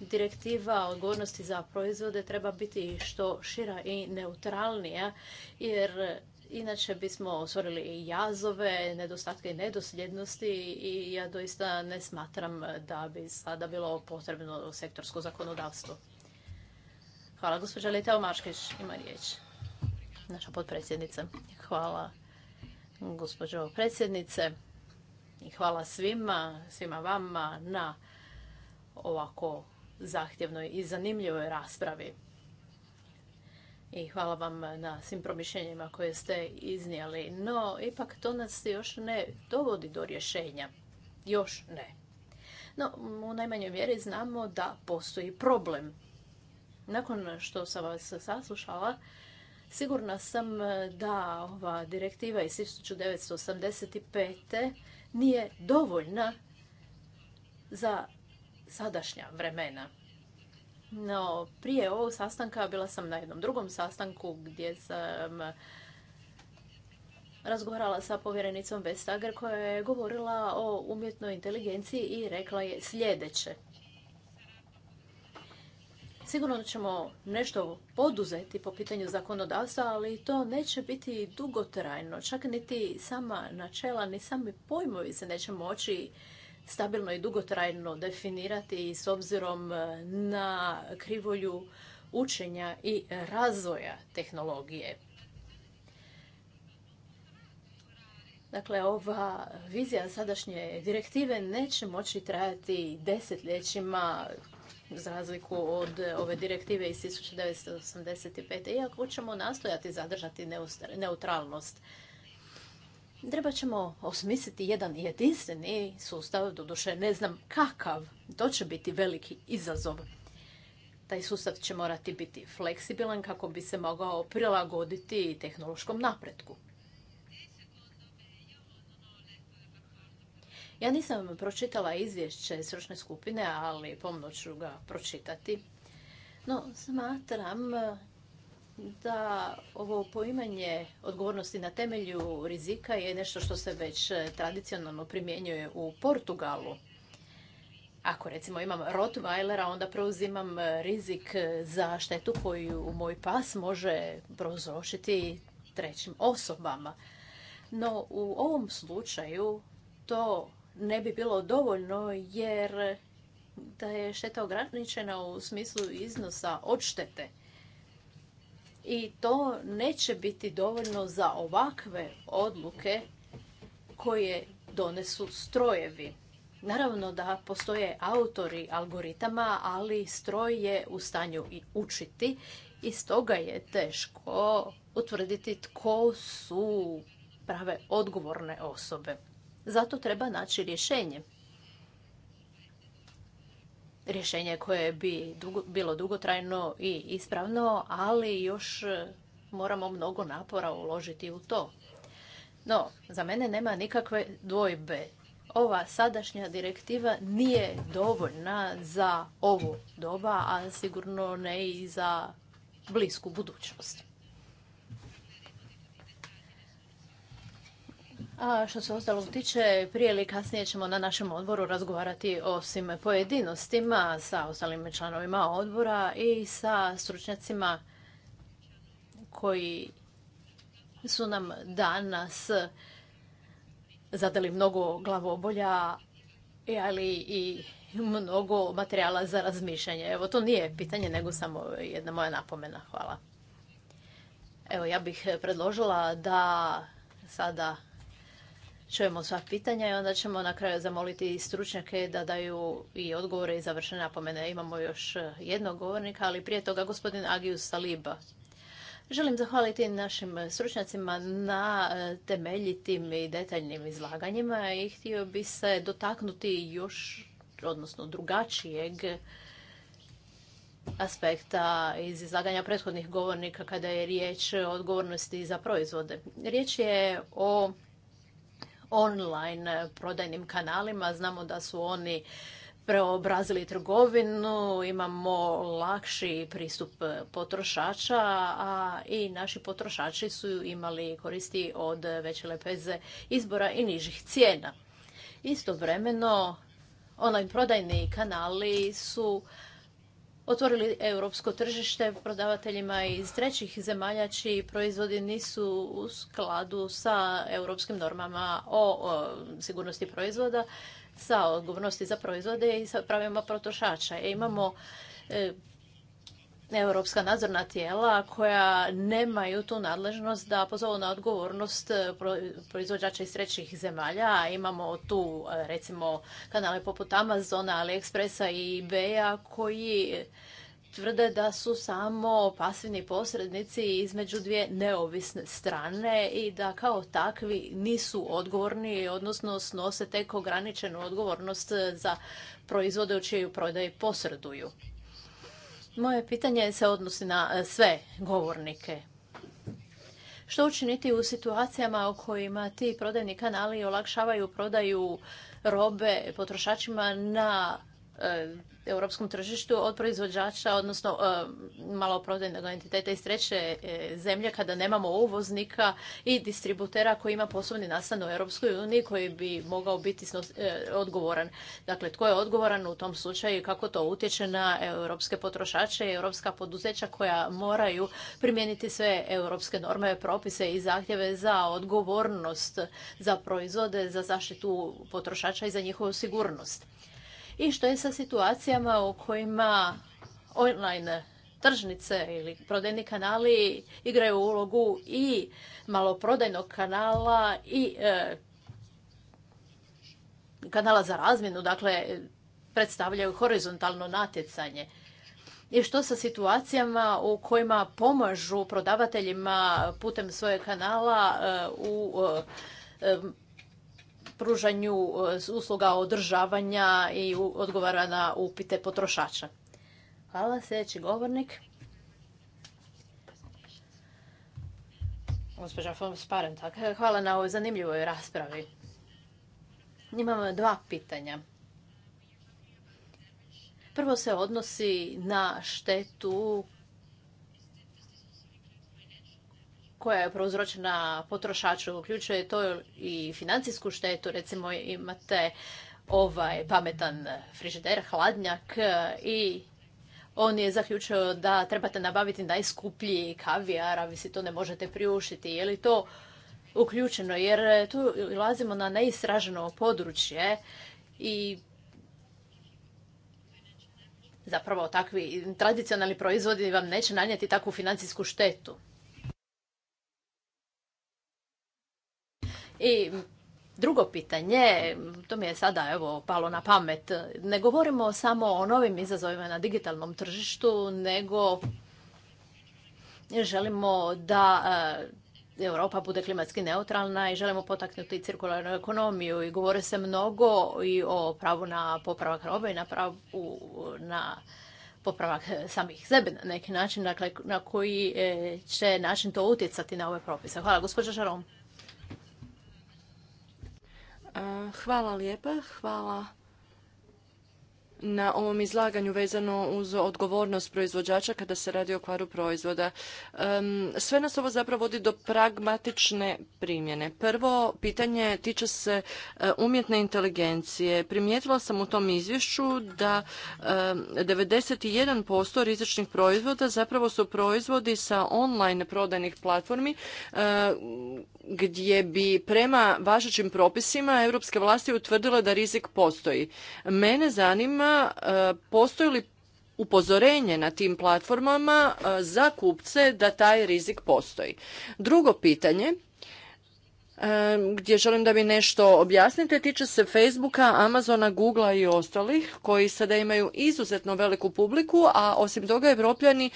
direktiva odgovornosti za proizvode treba biti što šira i neutralnija, jer inače bismo osvorili i jazove, nedostatke i nedosljednosti i ja doista ne smatram da bi sada bilo potrebno sektorsko zakonodavstvo. Hvala, gospođa Leteo Maškić ima riječ. Naša potpredsjednica. Hvala, gospođo predsjednice. I hvala svima, svima vama na ovako zahtjevnoj i zanimljivoj raspravi. I hvala vam na svim promišljenjima koje ste iznijeli. No, ipak to nas još ne dovodi do rješenja. Još ne. No, u najmanjoj mjeri znamo da postoji problem. Nakon što sam vas saslušala, sigurna sam da ova direktiva iz 1985. nije dovoljna za sadašnja vremena. No, prije ovog sastanka bila sam na jednom drugom sastanku gdje sam razgovarala sa povjerenicom Vestager koja je govorila o umjetnoj inteligenciji i rekla je sljedeće. Sigurno ćemo nešto poduzeti po pitanju zakonodavstva, ali to neće biti dugotrajno. Čak niti sama načela, ni sami pojmovi se neće moći stabilno i dugotrajno definirati s obzirom e, na krivolju učenja i razvoja tehnologije. Dakle, ova vizija sadašnje direktive neće moći trajati desetljećima za razliku od ove direktive iz 1985. Iako ćemo nastojati zadržati neutralnost. Treba ćemo osmisliti jedan jedinstveni sustav, doduše ne znam kakav, to će biti veliki izazov. Taj sustav će morati biti fleksibilan kako bi se mogao prilagoditi tehnološkom napretku. Ja nisam pročitala izvješće stručne skupine, ali pomno ću ga pročitati. No, smatram da ovo poimanje odgovornosti na temelju rizika je nešto što se već e, tradicionalno primjenjuje u Portugalu. Ako recimo imam Rottweilera, onda preuzimam e, rizik e, za štetu koju moj pas može prouzročiti trećim osobama. No u ovom slučaju to ne bi bilo dovoljno jer da je šteta ograničena u smislu iznosa odštete i to neće biti dovoljno za ovakve odluke koje donesu strojevi. Naravno da postoje autori algoritama, ali stroj je u stanju i učiti i stoga je teško utvrditi tko su prave odgovorne osobe. Zato treba naći rješenje rješenje koje bi bilo dugotrajno i ispravno, ali još e, moramo mnogo napora uložiti u to. No, za mene nema nikakve dvojbe. Ova sadašnja direktiva nije dovoljna za ovu doba, a sigurno ne i za blisku budućnost. A što se ostalo tiče, prije ili kasnije ćemo na našem odboru razgovarati o svim pojedinostima sa ostalim članovima odbora i sa stručnjacima koji su nam danas zadali mnogo glavobolja, ali i mnogo materijala za razmišljanje. Evo, to nije pitanje, nego samo jedna moja napomena. Hvala. Evo, ja bih predložila da sada čujemo sva pitanja i onda ćemo na kraju zamoliti stručnjake da daju i odgovore i završene napomene. Imamo još eh, jednog govornika, ali prije toga gospodin Agius Saliba. Želim zahvaliti našim stručnjacima na eh, temeljitim i detaljnim izlaganjima i htio bi se dotaknuti još, odnosno drugačijeg aspekta iz izlaganja prethodnih govornika kada je riječ o odgovornosti za proizvode. Riječ je o online eh, prodajnim kanalima. Znamo da su oni preobrazili trgovinu, imamo lakši pristup eh, potrošača, a i naši potrošači su imali koristi od veće lepeze izbora i nižih cijena. Istovremeno, online prodajni kanali su otvorili europsko tržište prodavateljima iz trećih zemalja čiji proizvodi nisu u skladu sa europskim normama o, sigurnosti proizvoda, sa odgovornosti za proizvode i sa pravima potrošača. E, imamo e, europska nadzorna tijela koja nemaju tu nadležnost da pozovu na odgovornost eh, proizvođača iz trećih zemalja. Imamo tu eh, recimo kanale poput Amazona, AliExpressa i eBaya koji tvrde da su samo pasivni posrednici između dvije neovisne strane i da kao takvi nisu odgovorni, odnosno snose tek ograničenu odgovornost za proizvode u čijoj prodaji posreduju. Moje pitanje se odnosi na e, sve govornike. Što učiniti u situacijama u kojima ti prodajni kanali olakšavaju prodaju robe potrošačima na e, europskom tržištu od proizvođača, odnosno e, maloprodajnog entiteta iz treće e, zemlje kada nemamo uvoznika i distributera koji ima poslovni nastan u Europskoj uniji koji bi mogao biti e, odgovoran. Dakle, tko je odgovoran u tom slučaju i kako to utječe na europske potrošače i europska poduzeća koja moraju primijeniti sve europske norme, propise i zahtjeve za odgovornost za proizvode, za zaštitu potrošača i za njihovu sigurnost. I što je sa situacijama u kojima online tržnice ili prodajni kanali igraju ulogu i maloprodajnog kanala i e, kanala za razmjenu, dakle predstavljaju horizontalno natjecanje. I što sa situacijama u kojima pomažu prodavateljima putem svojeg kanala e, u e, pružanju e, usluga održavanja i odgovara na upite potrošača. Hvala, sljedeći govornik. Gospođa von Sparentak, hvala na ovoj zanimljivoj raspravi. Imamo dva pitanja. Prvo se odnosi na štetu koja je prouzročena potrošaču uključuje to i financijsku štetu, recimo imate ovaj pametan frižider, hladnjak i on je zaključio da trebate nabaviti najskuplji kavijar, a vi si to ne možete priušiti. Je li to uključeno? Jer tu ilazimo na neistraženo područje i zapravo takvi tradicionalni proizvodi vam neće nanijeti takvu financijsku štetu. I drugo pitanje, to mi je sada evo palo na pamet, ne govorimo samo o novim izazovima na digitalnom tržištu, nego želimo da e, Europa bude klimatski neutralna i želimo potaknuti cirkularnu ekonomiju i govore se mnogo i o pravu na popravak robe i na na popravak samih sebe na neki način, dakle na koji e, će način to utjecati na ove propise. Hvala, gospođa Žarom. Hvala lijepa, hvala na ovom izlaganju vezano uz odgovornost proizvođača kada se radi o kvaru proizvoda. Sve nas ovo zapravo vodi do pragmatične primjene. Prvo pitanje tiče se e, umjetne inteligencije. Primijetila sam u tom izvješću da 91% rizičnih proizvoda zapravo su proizvodi sa online prodajnih platformi e, gdje bi prema važećim propisima europske vlasti utvrdile da rizik postoji. Mene zanima platformama, e, postoji li upozorenje na tim platformama e, za kupce da taj rizik postoji. Drugo pitanje e, gdje želim da mi nešto objasnite, tiče se Facebooka, Amazona, Googlea i ostalih koji sada imaju izuzetno veliku publiku, a osim toga evropljani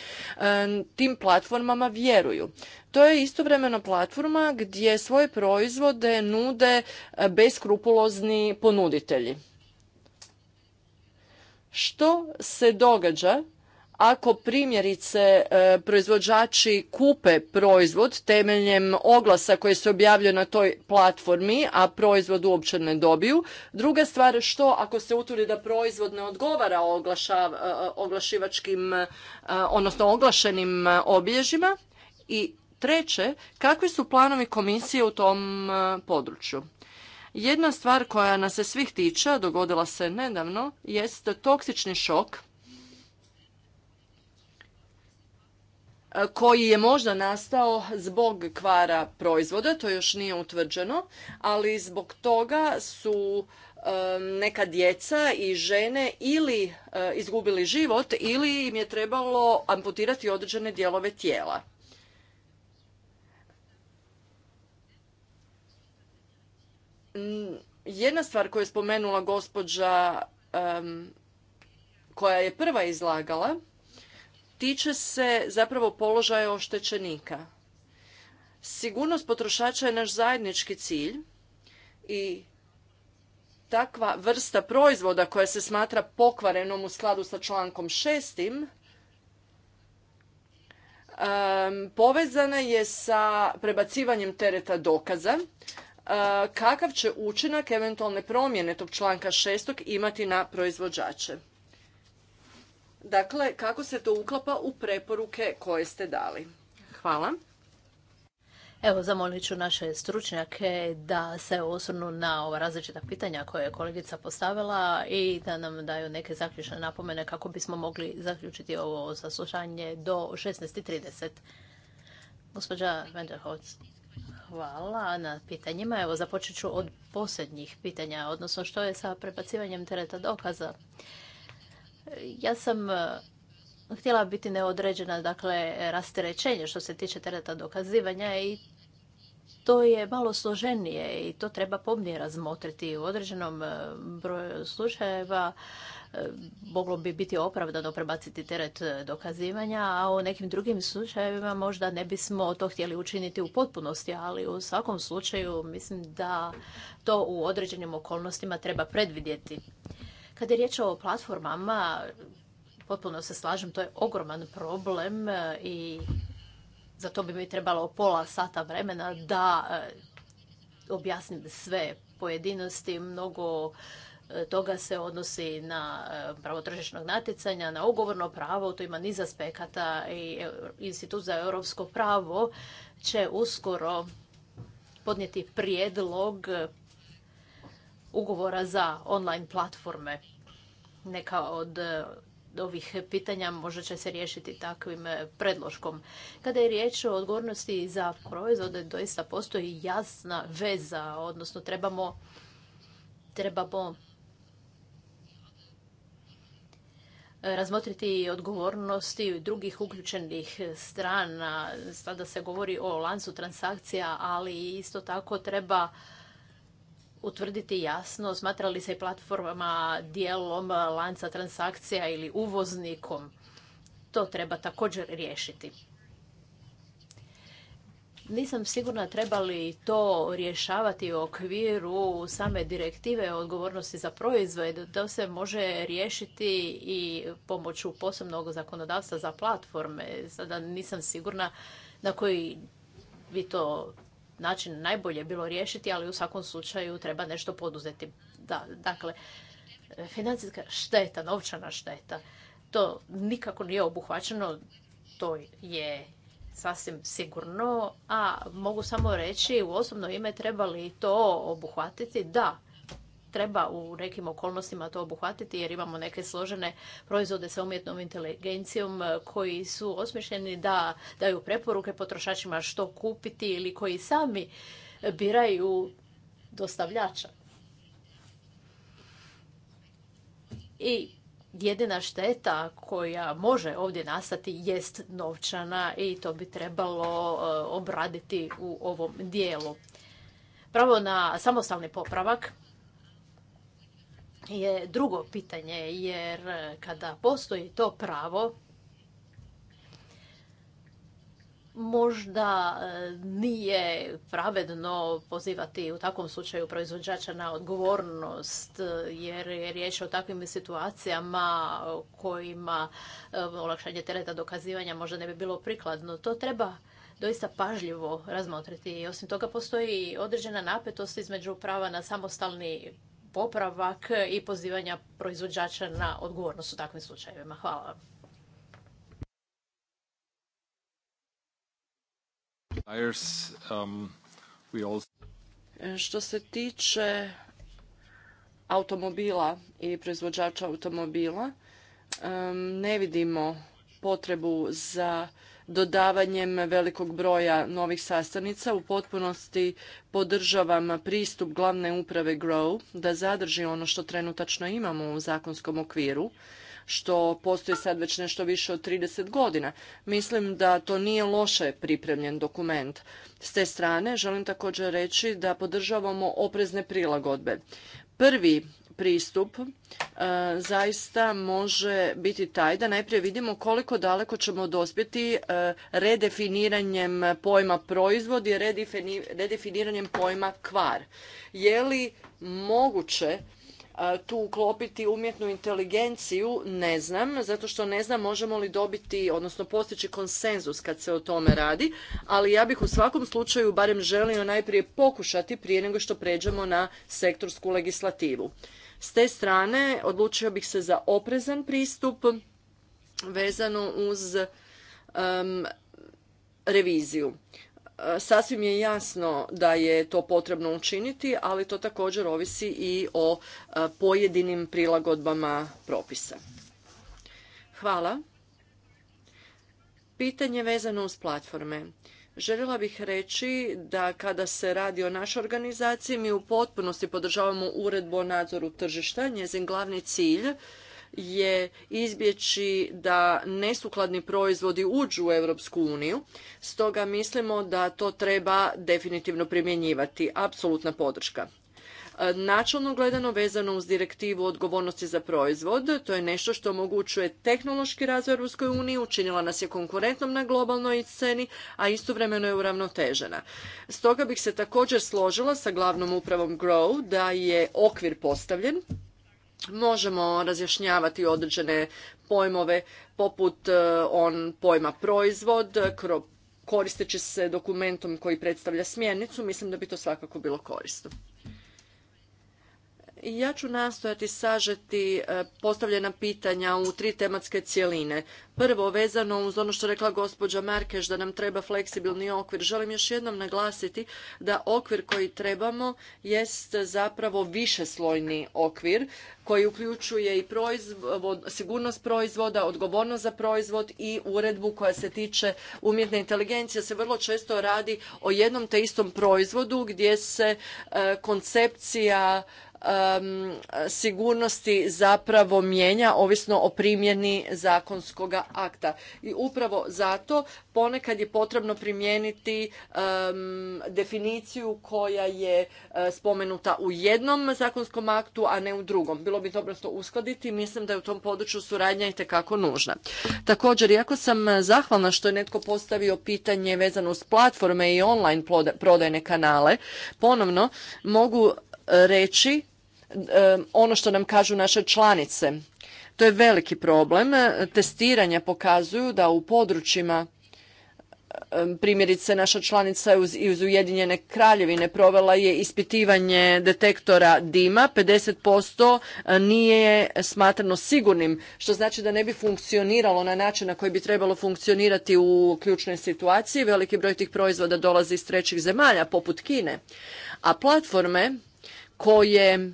tim platformama vjeruju. To je istovremeno platforma gdje svoje proizvode nude beskrupulozni ponuditelji. Što se događa ako primjerice e, proizvođači kupe proizvod temeljem oglasa koji se objavljuje na toj platformi, a proizvod uopće ne dobiju. Druga stvar, što ako se utvrdi da proizvod ne odgovara e, oglašivačkim, e, odnosno oglašenim obilježjima? I treće, kakvi su planovi komisije u tom području? Jedna stvar koja nas se svih tiče, dogodila se nedavno, jest toksični šok koji je možda nastao zbog kvara proizvoda, to još nije utvrđeno, ali zbog toga su neka djeca i žene ili eh, izgubili život ili im je trebalo amputirati određene dijelove tijela. Mm, jedna stvar koju je spomenula gospođa koja je prva izlagala tiče se zapravo položaja oštećenika. Sigurnost potrošača je naš zajednički cilj i takva vrsta proizvoda koja se smatra pokvarenom u skladu sa člankom šestim povezana je sa prebacivanjem tereta dokaza E, kakav će učinak eventualne promjene tog članka šestog imati na proizvođače. Dakle, kako se to uklapa u preporuke koje ste dali? Hvala. Evo, zamolit ću naše stručnjake da se osvrnu na ova različita pitanja koje je kolegica postavila i da nam daju neke zaključne napomene kako bismo mogli zaključiti ovo saslušanje do 16.30. Gospođa Venderholz. Hvala na pitanjima. Evo, započet ću od posljednjih pitanja, odnosno što je sa prebacivanjem tereta dokaza. Ja sam e, htjela biti neodređena, dakle, rasterećenje što se tiče tereta dokazivanja i to je malo složenije i to treba pomnije razmotriti. U određenom e, broju slučajeva moglo bi biti opravdano prebaciti teret e, dokazivanja, a u nekim drugim slučajevima možda ne bismo to htjeli učiniti u potpunosti, ali u svakom slučaju mislim da to u određenim okolnostima treba predvidjeti. Kad je riječ o platformama, potpuno se slažem, to je ogroman problem e, i za to bi mi trebalo pola sata vremena da e, objasnim sve pojedinosti, mnogo E, toga se odnosi na e, pravo tržišnog natjecanja, na ugovorno pravo, to ima niz aspekata i e, Institut za europsko pravo će uskoro podnijeti prijedlog ugovora za online platforme. Neka od ovih pitanja možda će se riješiti takvim predloškom. Kada je riječ o odgovornosti za proizvode, doista postoji jasna veza, odnosno trebamo trebamo E, razmotriti odgovornosti drugih uključenih strana. Sada se govori o lancu transakcija, ali isto tako treba utvrditi jasno smatra li se platformama dijelom lanca transakcija ili uvoznikom. To treba također riješiti. Nisam sigurna treba li to rješavati u okviru same direktive o odgovornosti za proizvod. To se može riješiti i pomoću posebnog zakonodavstva za platforme. Sada nisam sigurna na koji bi to način najbolje bilo riješiti, ali u svakom slučaju treba nešto poduzeti. Da, dakle, financijska šteta, novčana šteta, to nikako nije obuhvaćeno, to je sasvim sigurno, a mogu samo reći u osobno ime treba li to obuhvatiti? Da, treba u nekim okolnostima to obuhvatiti jer imamo neke složene proizvode sa umjetnom inteligencijom koji su osmišljeni da daju preporuke potrošačima što kupiti ili koji sami biraju dostavljača. I jedina šteta koja može ovdje nastati jest novčana i to bi trebalo e, obraditi u ovom dijelu. Pravo na samostalni popravak je drugo pitanje jer kada postoji to pravo možda e, nije pravedno pozivati u takvom slučaju proizvođača na odgovornost e, jer je riječ o takvim situacijama kojima e, olakšanje tereta dokazivanja možda ne bi bilo prikladno. To treba doista pažljivo razmotriti. I osim toga postoji određena napetost između prava na samostalni popravak i pozivanja proizvođača na odgovornost u takvim slučajevima. Hvala vam. Um, što se tiče automobila i proizvođača automobila, um, ne vidimo potrebu za dodavanjem velikog broja novih sastavnica. U potpunosti podržavam pristup glavne uprave GROW da zadrži ono što trenutačno imamo u zakonskom okviru što postoji sad već nešto više od 30 godina. Mislim da to nije loše pripremljen dokument. S te strane želim također reći da podržavamo oprezne prilagodbe. Prvi pristup e, zaista može biti taj da najprije vidimo koliko daleko ćemo dospjeti e, redefiniranjem pojma proizvod i redefiniranjem pojma kvar. Je li moguće tu uklopiti umjetnu inteligenciju ne znam, zato što ne znam možemo li dobiti, odnosno postići konsenzus kad se o tome radi, ali ja bih u svakom slučaju barem želio najprije pokušati prije nego što pređemo na sektorsku legislativu. S te strane odlučio bih se za oprezan pristup vezano uz reviziju. Sasvim je jasno da je to potrebno učiniti, ali to također ovisi i o e, pojedinim prilagodbama propisa. Hvala. Pitanje vezano uz platforme. Željela bih reći da kada se radi o našoj organizaciji, mi u potpunosti podržavamo uredbu o nadzoru tržišta. Njezin glavni cilj je izbjeći da nesukladni proizvodi uđu u Europsku uniju, stoga mislimo da to treba definitivno primjenjivati. Apsolutna podrška. Načelno gledano vezano uz direktivu odgovornosti za proizvod, to je nešto što omogućuje tehnološki razvoj Europskoj uniji, učinila nas je konkurentnom na globalnoj sceni, a istovremeno je uravnotežena. Stoga bih se također složila sa glavnom upravom Grow da je okvir postavljen, možemo razjašnjavati određene pojmove poput e, on pojma proizvod koristeći se dokumentom koji predstavlja smjernicu mislim da bi to svakako bilo korisno. Ja ću nastojati sažeti e, postavljena pitanja u tri tematske cjeline. Prvo, vezano uz ono što rekla gospođa Markeš da nam treba fleksibilni okvir, želim još jednom naglasiti da okvir koji trebamo jest zapravo višeslojni okvir koji uključuje i sigurnost proizvoda, odgovornost za proizvod i uredbu koja se tiče umjetne inteligencije. Se vrlo često radi o jednom te istom proizvodu gdje se e, koncepcija sigurnosti zapravo mijenja ovisno o primjeni zakonskoga akta. I upravo zato ponekad je potrebno primijeniti definiciju koja je eh, spomenuta u jednom zakonskom aktu, a ne u drugom. Bilo bi dobro to uskladiti. Mislim da je u tom području suradnja itekako tekako nužna. Također, iako sam zahvalna što je netko postavio pitanje vezano uz platforme i online prodajne kanale, ponovno mogu reći ono što nam kažu naše članice. To je veliki problem. Testiranja pokazuju da u područjima primjerice naša članica iz Ujedinjene kraljevine provela je ispitivanje detektora dima, 50% e, nije smatrano sigurnim, što znači da ne bi funkcioniralo na način na koji bi trebalo funkcionirati u ključnoj situaciji. Veliki broj tih proizvoda dolazi iz trećih zemalja, poput Kine. A platforme koje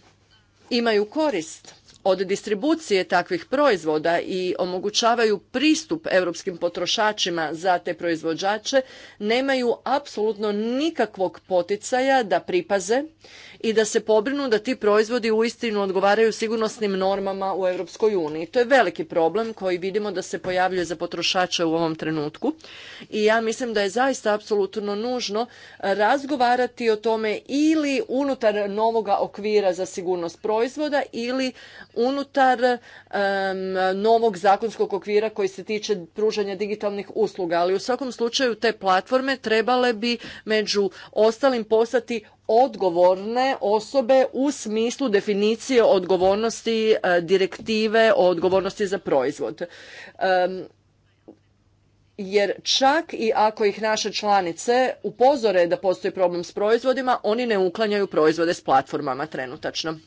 imaju korist od distribucije takvih proizvoda i omogućavaju pristup europskim potrošačima za te proizvođače nemaju apsolutno nikakvog poticaja da pripaze i da se pobrinu da ti proizvodi uistinu odgovaraju sigurnosnim normama u Europskoj uniji. To je veliki problem koji vidimo da se pojavljuje za potrošače u ovom trenutku i ja mislim da je zaista apsolutno nužno e, razgovarati o tome ili unutar novoga okvira za sigurnost proizvoda ili unutar novog zakonskog okvira koji se tiče pružanja digitalnih usluga, ali u svakom slučaju te platforme trebale bi među ostalim postati odgovorne osobe u smislu definicije odgovornosti e, direktive o odgovornosti za proizvod. Jer čak i ako ih naše članice upozore da postoji problem s proizvodima, oni ne uklanjaju proizvode s platformama trenutačno.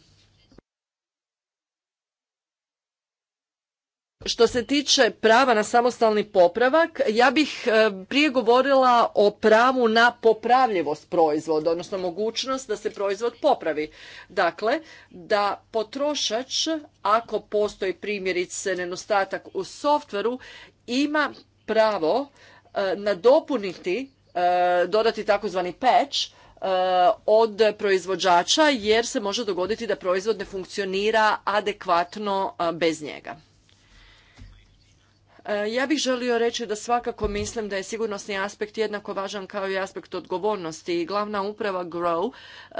Što se tiče prava na samostalni popravak, ja bih e, prije govorila o pravu na popravljivost proizvoda, odnosno mogućnost da se proizvod popravi. Dakle, da potrošač, ako postoji primjerice nedostatak u softveru, ima pravo e, nadopuniti, e, dodati takozvani patch, od proizvođača jer se može dogoditi da proizvod ne funkcionira adekvatno bez njega. E, ja bih želio reći da svakako mislim da je sigurnosni aspekt jednako važan kao i aspekt odgovornosti i glavna uprava GROW e,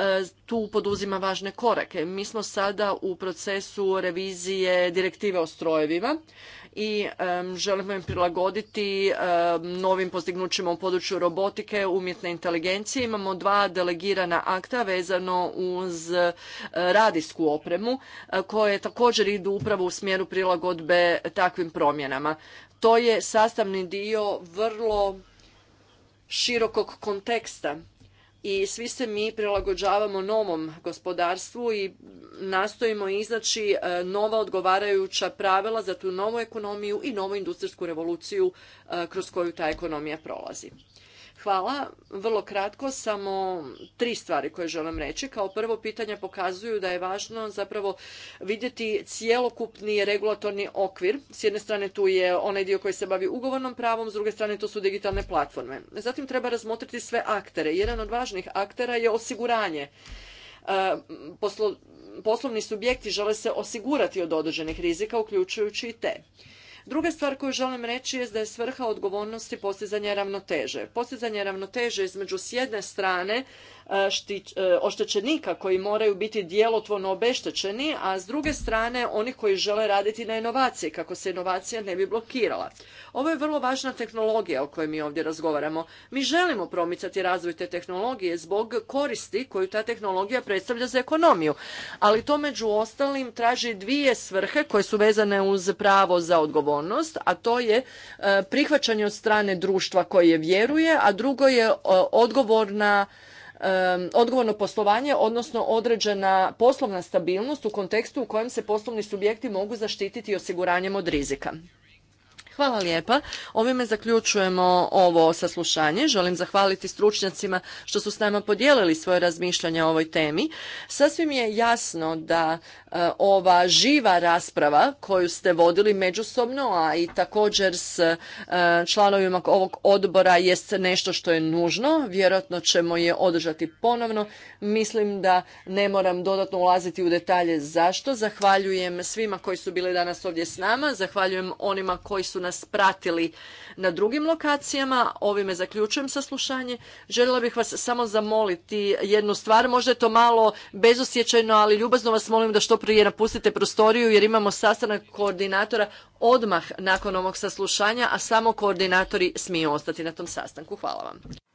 tu poduzima važne korake. Mi smo sada u procesu revizije direktive o strojevima i želimo im prilagoditi novim postignućima u području robotike, umjetne inteligencije. Imamo dva delegirana akta vezano uz e, radijsku opremu e, koje također idu upravo u smjeru prilagodbe takvim promjenama. To je sastavni dio vrlo širokog konteksta i svi se mi prilagođavamo novom gospodarstvu i nastojimo iznaći e, nova odgovarajuća pravila za tu novu ekonomiju i novu industrijsku revoluciju e, kroz koju ta ekonomija prolazi. Hvala. Vrlo kratko, samo tri stvari koje želim reći. Kao prvo, pitanja pokazuju da je važno zapravo vidjeti cjelokupni regulatorni okvir. S jedne strane tu je onaj dio koji se bavi ugovornom pravom, s druge strane to su digitalne platforme. Zatim treba razmotriti sve aktere. Jedan od važnih aktera je osiguranje. E, poslovni subjekti žele se osigurati od određenih rizika, uključujući i te. Druga stvar koju želim reći je da je svrha odgovornosti postizanje ravnoteže. Postizanje ravnoteže između s jedne strane E, e, oštećenika koji moraju biti djelotvorno obeštećeni, a s druge strane onih koji žele raditi na inovaciji, kako se inovacija ne bi blokirala. Ovo je vrlo važna tehnologija o kojoj mi ovdje razgovaramo. Mi želimo promicati razvoj te tehnologije zbog koristi koju ta tehnologija predstavlja za ekonomiju, ali to među ostalim traži dvije svrhe koje su vezane uz pravo za odgovornost, a to je e, prihvaćanje od strane društva koje vjeruje, a drugo je odgovorna odgovorno poslovanje, odnosno određena poslovna stabilnost u kontekstu u kojem se poslovni subjekti mogu zaštititi osiguranjem od rizika. Hvala lijepa. Ovime zaključujemo ovo saslušanje. Želim zahvaliti stručnjacima što su s nama podijelili svoje razmišljanja o ovoj temi. Sasvim je jasno da E, ova živa rasprava koju ste vodili međusobno, a i također s e, članovima ovog odbora jest nešto što je nužno. Vjerojatno ćemo je održati ponovno. Mislim da ne moram dodatno ulaziti u detalje zašto. Zahvaljujem svima koji su bili danas ovdje s nama. Zahvaljujem onima koji su nas pratili na drugim lokacijama. Ovime zaključujem saslušanje. Željela bih vas samo zamoliti jednu stvar, možda je to malo bezosjećajno, ali ljubazno vas molim da što prije napustite prostoriju jer imamo sastanak koordinatora odmah nakon ovog saslušanja, a samo koordinatori smiju ostati na tom sastanku. Hvala vam.